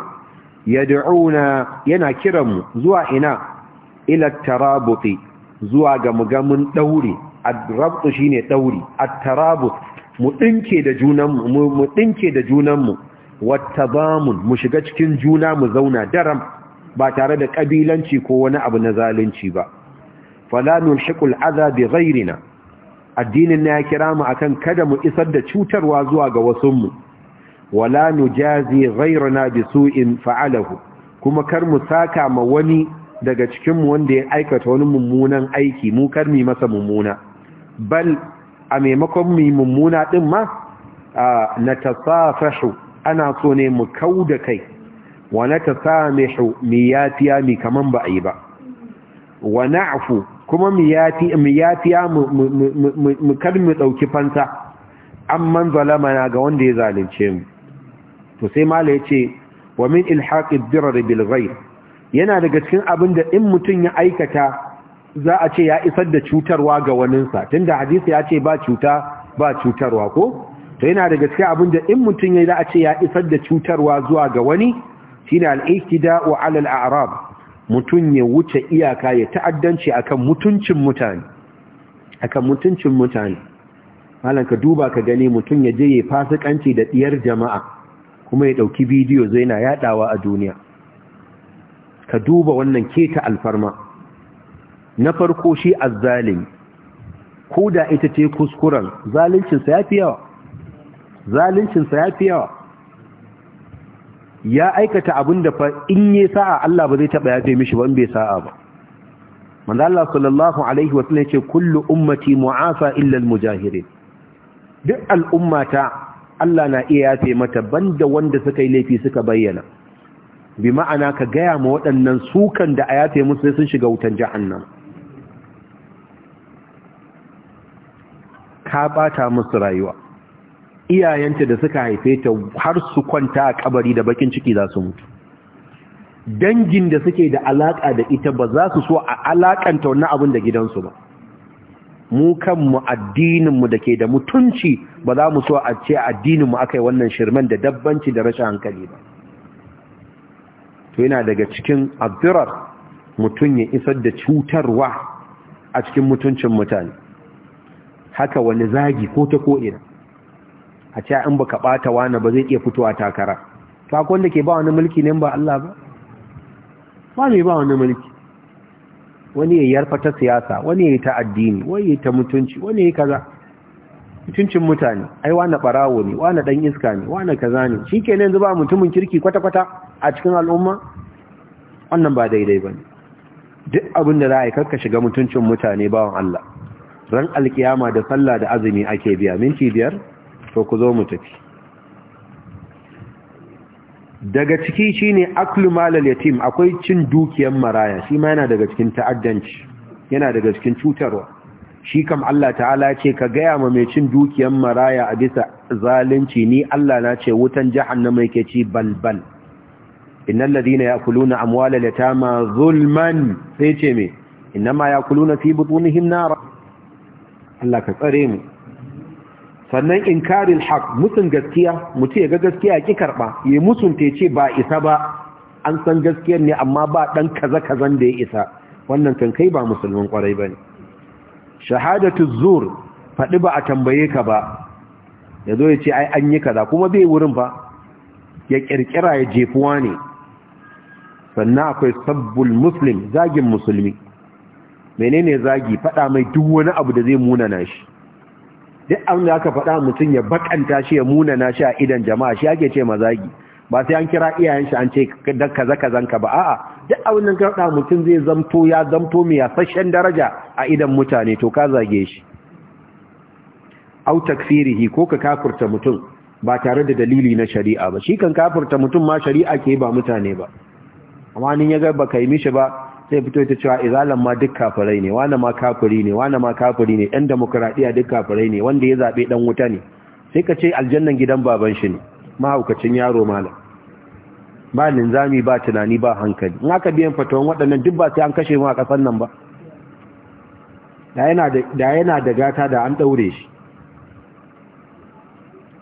yad'una yana kiran mu zuwa ina ila tarabuti zuwa ga mugamun daure ad-rabtu shine daure at-tarabut mu dinke da junan mu mu dinke da junan mu wattabamun mu shiga cikin juna mu zauna daram ba tare da kabilanci ko wani abu na zalunci ba fala nulhiqul azabi zairina, ghayrina addinin ya kira mu akan kada mu isar da cutarwa zuwa ga wasunmu wala nujazi ghayrana bi su'in fa'alahu kuma kar mu saka ma wani daga cikinmu wanda ya aikata wani mummunan aiki mu kar mu masa mummuna bal a maimakon mu mummuna din ma na tasafahu ana so ne mu kau da kai wa ta samihu mi yafiya mi kaman ba a yi ba wa afu kuma mi mu kar mu dauki fansa man zalama na ga wanda ya zalunce mu to sai mala yace wa min ilhaqid dirar bil yana daga cikin abin da in mutum ya aikata za a ce ya isar da cutarwa ga waninsa tunda hadisi ya ce ba cuta ba cutarwa ko to yana da gaske abin da in mutum yayi za a ce ya isar da cutarwa zuwa ga wani shine al-ihtida'u 'ala al-a'rab mutum ya wuce iyaka ya ta'addanci akan mutuncin mutane akan mutuncin mutane malan ka duba ka gani mutum ya je ya fasikanci da diyar jama'a kuma ya dauki bidiyo zai na yadawa a duniya ka duba wannan keta alfarma na farko shi azzalimi ko da ita ce kuskuren zaluncinsa ya fi yawa Zalincinsa ya fi yawa ya aikata abin da fa in yi sa'a Allah ba zai taɓa ya fi mishi ba bai sa'a ba manzo Allah sallallahu alaihi wasallam ya ce kullu ummati mu'afa illal mujahirin duk al'ummata Allah na iya yafe mata ban da wanda suka yi laifi suka bayyana bi ma'ana ka gaya ma waɗannan sukan da a yafe musu sun shiga wutan nan. ka ɓata musu rayuwa iyayenta da suka haife ta har su kwanta a kabari da bakin ciki za su mutu dangin da suke da alaka da ita ba za su so a alakanta wannan abin da gidansu ba mu kanmu addininmu da ke da mutunci ba za mu so a ce addininmu aka yi wannan shirman da dabbanci da rashin hankali ba to yana daga cikin abdurar mutum ya isar da cutarwa a cikin mutuncin mutane haka wani zagi ko ta ko'ina a ce in baka bata wani ba zai iya fitowa takara to akwai wanda ke ba wani mulki ne ba Allah ba ba mai ba wani mulki wani ya yarfa ta siyasa wani ya yi ta addini wani ya yi ta mutunci wani ya yi kaza mutuncin mutane ai wani barawo ne wani dan iska ne wani kaza ne shi ke yanzu ba mutumin kirki kwata-kwata a cikin al'umma wannan ba daidai ba ne duk abin da za a yi karka shiga mutuncin mutane bawan Allah ran alkiyama da sallah da azumi ake biya minti biyar to ku zo mu tafi daga ciki shine aklu malal yatim akwai cin dukiyar maraya shi ma yana daga cikin ta'addanci yana daga cikin cutarwa shi kam Allah ta'ala ce ka gaya ma mai cin dukiyar maraya a bisa zalunci ni Allah na ce wutan jahannama yake ci balbal innal ladina yakuluna amwalal yatama zulman sai ce me inma yakuluna fi butunihim nar Allah ka tsare mu sannan inkaril haƙ musun gaskiya mutu ya ga gaskiya ya ki karɓa? ya musunta ta ce ba isa ba an san gaskiyar ne amma ba ɗan kaza kazan da ya isa wannan kan kai ba musulmin ba ne. shahadatu zur faɗi ba a tambaye ka ba ya zo ya ce ai an yi kaza kuma bai wurin ba ya ƙirƙira ya jefuwa ne sannan akwai sabbul muslim zagin musulmi menene zagi faɗa mai duk wani abu da zai munana shi duk abin da aka faɗa mutum ya bakanta shi ya munana shi a idan jama'a shi ake ce mazagi ba sai an kira iyayen shi an ce kaza kazan ka ba a'a duk abin da ka faɗa mutum zai zamto ya zamto mai yasashen daraja a idan mutane to ka zage shi au takfirihi ko ka kafurta mutum ba tare da dalili na shari'a ba shi kan kafurta mutum ma shari'a ke ba mutane ba amma ni ya ga baka yi mishi ba sai fito ita cewa izalan ma duk kafirai ne wane ma kafiri ne wane ma kafiri ne ɗan demokuraɗiya duk kafirai ne wanda ya zaɓe ɗan wuta ne sai ka ce aljannan gidan baban shi ne mahaukacin yaro malam ba ninzami ba tunani ba hankali in aka biyan fatawan waɗannan duk ba sai an kashe mu a ƙasar nan ba da yana da gata da an ɗaure shi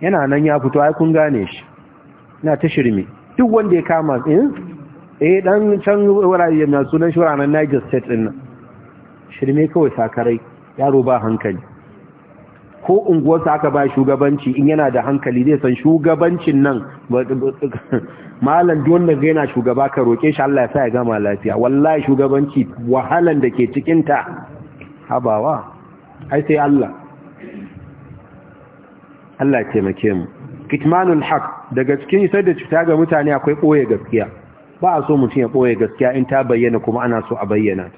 yana nan ya fito ai kun gane shi na ta shirme duk wanda ya kama in eh? eh dan can wurare na sunan shura na Niger State din nan shirme kawai sakarai yaro ba hankali ko unguwarsa aka ba shugabanci in yana da hankali zai san shugabancin nan malam duk wanda yana shugaba ka roke shi Allah ya sa ya gama lafiya wallahi shugabanci wahalan da ke cikin ta habawa ai sai Allah Allah ya taimake mu kitmanul haq daga cikin isar da cuta ga mutane akwai boye gaskiya ba a so mutum ya ɓoye gaskiya in ta bayyana kuma ana so a bayyana ta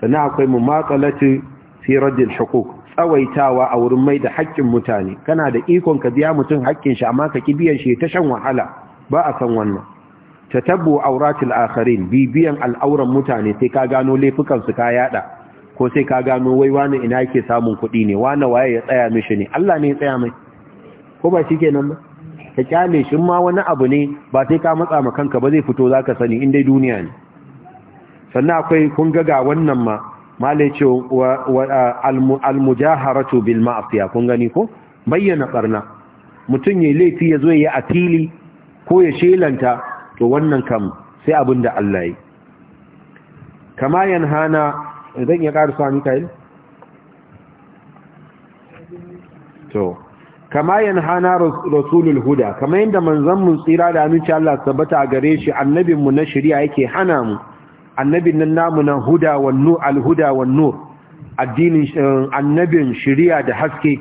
sannan akwai mu matsalati fi raddil hukuk tsawaitawa a wurin mai da haƙƙin mutane kana da ikon ka biya mutum haƙƙin shi amma ka ki biyan shi ta shan wahala ba a san wannan tatabbu auratil akharin bibiyan al'auran mutane sai ka gano laifukan su ka yada ko sai ka gano wai wani ina yake samun kuɗi ne wani waye ya tsaya mishi ne Allah ne ya tsaya mai ko ba shikenan ba ka kyale shi ma wani abu ne ba sai ka matsa ma kanka ba zai fito zaka sani in dai duniya ne sannan akwai kun ga ga wannan ma malai ce al-mujaharatu bil ma'siya kun gani ko bayyana barna mutum yayi laifi ya zo ya a fili ko ya shelanta to wannan kam sai abin da Allah yi kama yanhana zan iya ƙarisa yi to kama hana rasulul huda kama yanda manzon mun tsira da aminci Allah sabata a gare shi annabin mu na shari'a yake hana mu annabin nan namu na huda wan nur al huda wan nur addinin eh, annabin shari'a da haske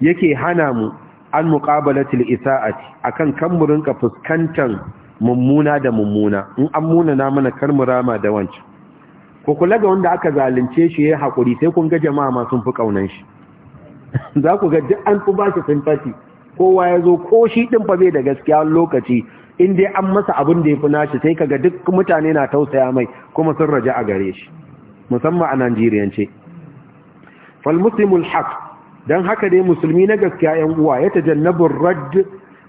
yake hana mu an muqabalatil isaati akan kan mu rinka fuskantan mummuna da mummuna in an muna na mana kar mu rama da wancan ko kula ga wanda aka zalunce shi yayin hakuri sai kun ga jama'a ma sun fi kaunan shi za ku ga duk an fi ba shi simfati kowa ya zo ko shi ɗin fa bai da gaskiya lokaci in dai an masa abin da ya fi nashi sai kaga duk mutane na tausaya mai kuma sun raja a gare shi musamman a Najeriyance fal muslimul haq dan haka dai musulmi na gaskiya yan uwa ya tajannabu radd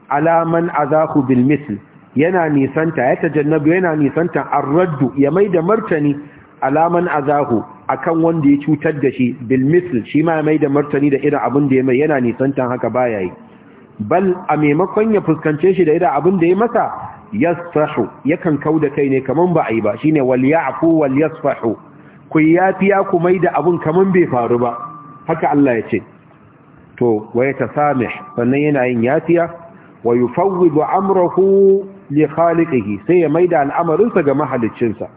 ala man azahu bil misl yana nisanta ya tajannabu yana nisanta ar raddu ya da martani ala man azahu akan wanda ya cutar da shi bil misl shi ma mai da martani da irin abin da ya mai yana nisantan haka baya yi bal a maimakon ya fuskance shi da irin abin da ya masa yasfahu yakan kau da kai ne kaman ba a yi ba shine wal ya'fu wal yasfahu ku yafiya ku mai da abin kaman bai faru ba haka Allah ya ce to wa yatasamih sannan yana yin yafiya wa yufawwidu amrahu li khaliqihi sai ya mai da al'amarinsa ga mahaliccinsa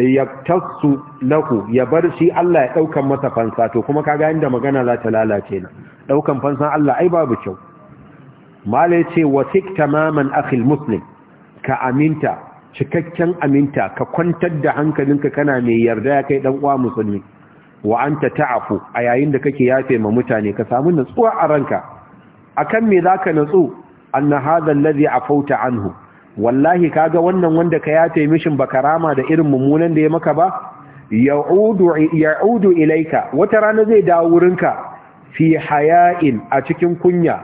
yaktasu lahu ya bar shi Allah ya daukan masa fansa to kuma kaga inda magana za ta lalace na daukan fansan Allah ai babu kyau mala yace wasik tamaman akhil muslim ka aminta cikakken aminta ka kwantar da hankalinka kana mai yarda ya kai dan uwa musulmi wa anta ta'afu a yayin da kake yafe ma mutane ka samu natsuwa a ranka akan me zaka natsu anna hadha alladhi afauta anhu wallahi kaga wannan wanda ka ya taimishin ba karama da irin mummunan da ya maka ba ya'udu ilaika wata rana zai dawo wurinka fi haya'in a cikin kunya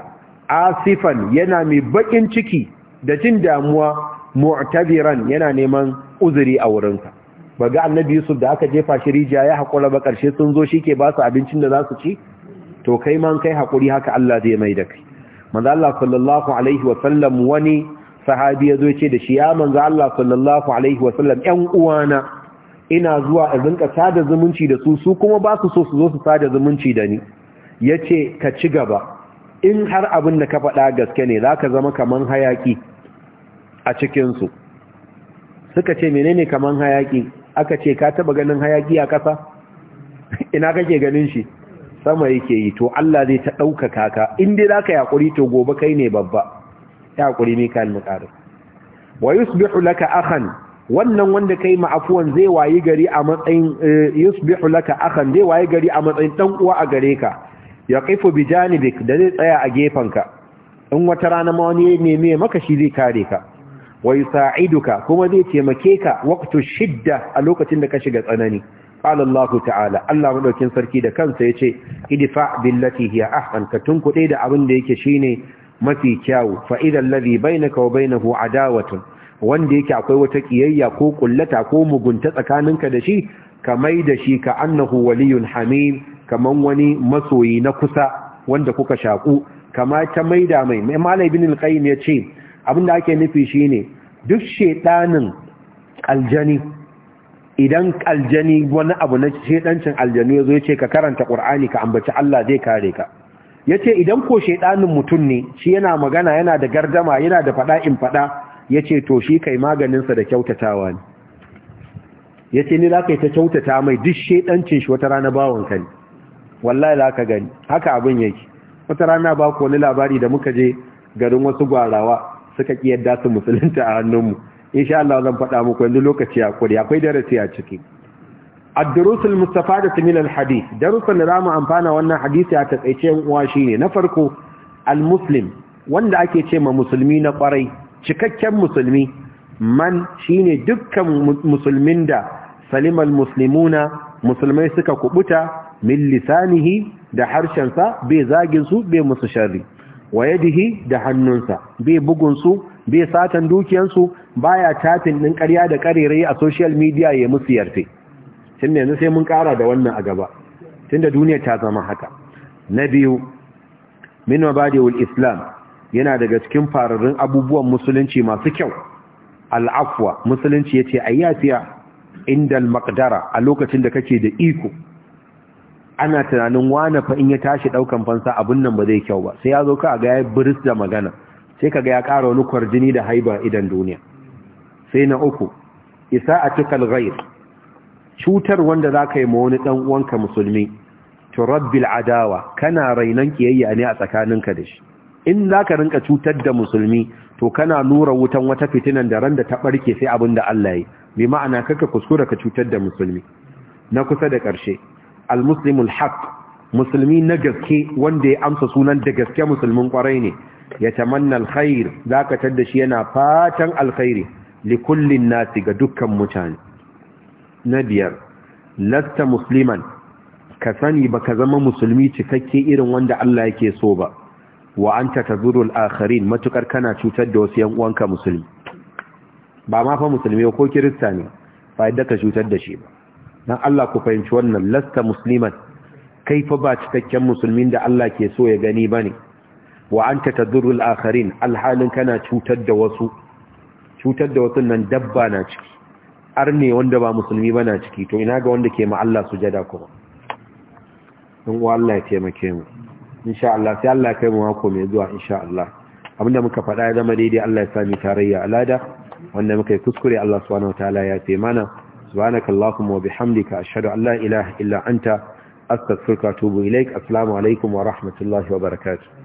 asifan yana mai bakin ciki da jin damuwa mu'tabiran yana neman uzuri a wurinka ba ga annabi yusuf da aka jefa shi rijiya ya haƙura ba ƙarshe sun zo shi ke ba su abincin da za su ci to kai man kai haƙuri haka allah zai mai da kai manzo allah sallallahu alaihi wasallam wani sahabi ya zo ce da shi ya manzo Allah sallallahu alaihi ƴan uwana ina zuwa in rinka sada zumunci da su su kuma ba su so su zo su sada zumunci da ni yace ka ci gaba in har abin da ka faɗa gaske ne zaka zama kaman hayaki a cikin su suka ce menene kaman hayaki aka ce ka taba ganin hayaki a kasa ina kake ganin shi sama yake yi to Allah zai ta ɗauka kaka, in dai zaka yakuri to gobe kai ne babba ya hakuri mikael muqaddis wa yusbihu laka akhan wannan wanda kai ma'afuwan zai wayi gari a matsayin eh, yusbihu laka akhan zai wayi gari a matsayin dan uwa a gare ka yaqifu bi janibik da zai tsaya a gefanka in wata rana ma wani ne me maka shi zai kare ka wa yusa'iduka kuma zai taimake ka waqtu shidda a lokacin da ka shiga tsanani qala Allah ta'ala Allah madaukin sarki da kansa ya yace idfa billati hiya ahsan ka tunkude da abin da yake shine mafi kyawu fa idan ladhi bainaka wa a adawatun wanda yake akwai wata kiyayya ko kullata ko mugunta tsakaninka da shi ka mai da shi ka annahu waliyun hamim kaman wani masoyi na kusa wanda kuka shaku kama ta maida mai malai ibn al-qayyim yace abinda ake nufi shine duk shedanin aljani idan aljani wani abu na shedancin aljani yazo yace ka karanta ƙur'ani ka ambaci Allah zai kare ka Ya ce idan ko shaidanin mutum ne shi yana magana yana da gardama yana da fada in fada ce to shi kai maganinsa da kyautatawa ne ce ni za ka yi ta kyautata mai duk shaidancin shi wata rana bawon ka ne wallahi za ka gani haka abin yake wata rana ba ku wani labari da muka je garin wasu gwarawa suka ƙi yadda su musulunta a hannunmu insha Allah zan faɗa muku wani lokaci a kuri akwai darasi a ciki ad-durusul da min al-hadith darussan da zamu amfana wannan hadisi ya takaice uwa shine na farko al-muslim wanda ake ce ma musulmi na kwarai cikakken musulmi man shine dukkan musulmin da salimal Musulmuna musulmai suka kubuta min lisanihi da harshensa bai zagin su bai musu sharri wa da hannunsa bai bugun su bai satan dukiyansu baya tafin din ƙarya da ƙarerai a social midiya ya musu yarfe tun da yanzu sai mun kara da wannan a gaba tun da duniya ta zama haka na biyu min mabadi'ul islam yana daga cikin fararrun abubuwan musulunci masu kyau al'afwa musulunci ya ce yace ayyafiya indal maqdara a lokacin da kake da iko ana tunanin wane fa in ya tashi daukan fansa abun nan ba zai kyau ba sai ya zo ka ga ya buris da magana sai kaga ya kara wani kwarjini da haiba idan duniya sai na uku isa'atikal ghair cutar wanda za ka yi ma wani ɗan uwanka musulmi to rabbil adawa kana rainon kiyayya ne a tsakaninka da shi in za ka rinka cutar da musulmi to kana nura wutan wata fitinan da ran da ta barke sai abin da Allah ya bi ma'ana kaka kuskura ka cutar da musulmi na kusa da ƙarshe almuslimul haq musulmi na gaske wanda ya amsa sunan da gaske musulmin kwarai ne ya tamanna alkhair ka tadda shi yana fatan alkhairi li kullin nasi ga dukkan mutane na biyar lasta musliman ka sani ba ka zama musulmi cikakke irin wanda Allah yake so ba wa anta tazurul akharin matukar kana cutar da wasu yan ka musulmi ba ma fa musulmi ko kirista ne ba yadda ka cutar da shi ba dan Allah ku fahimci wannan lasta musliman kai fa ba cikakken musulmin da Allah ke so ya gani bane wa anta tadurrul akharin alhalin kana cutar da wasu cutar da wasu nan dabba na ciki ne wanda ba musulmi bana ciki to ina ga wanda ke ma Allah sujada kuma in wa Allah ya taimake mu insha Allah sai Allah kai mu mako mai zuwa insha Allah abinda muka faɗa ya zama daidai Allah ya sami tarayya alada wanda muka yi kuskure Allah subhanahu wataala ya fi mana subhanaka allahumma wa bihamdika ashhadu an la ilaha illa anta astaghfiruka wa atubu ilaik assalamu alaikum wa rahmatullahi wa barakatuh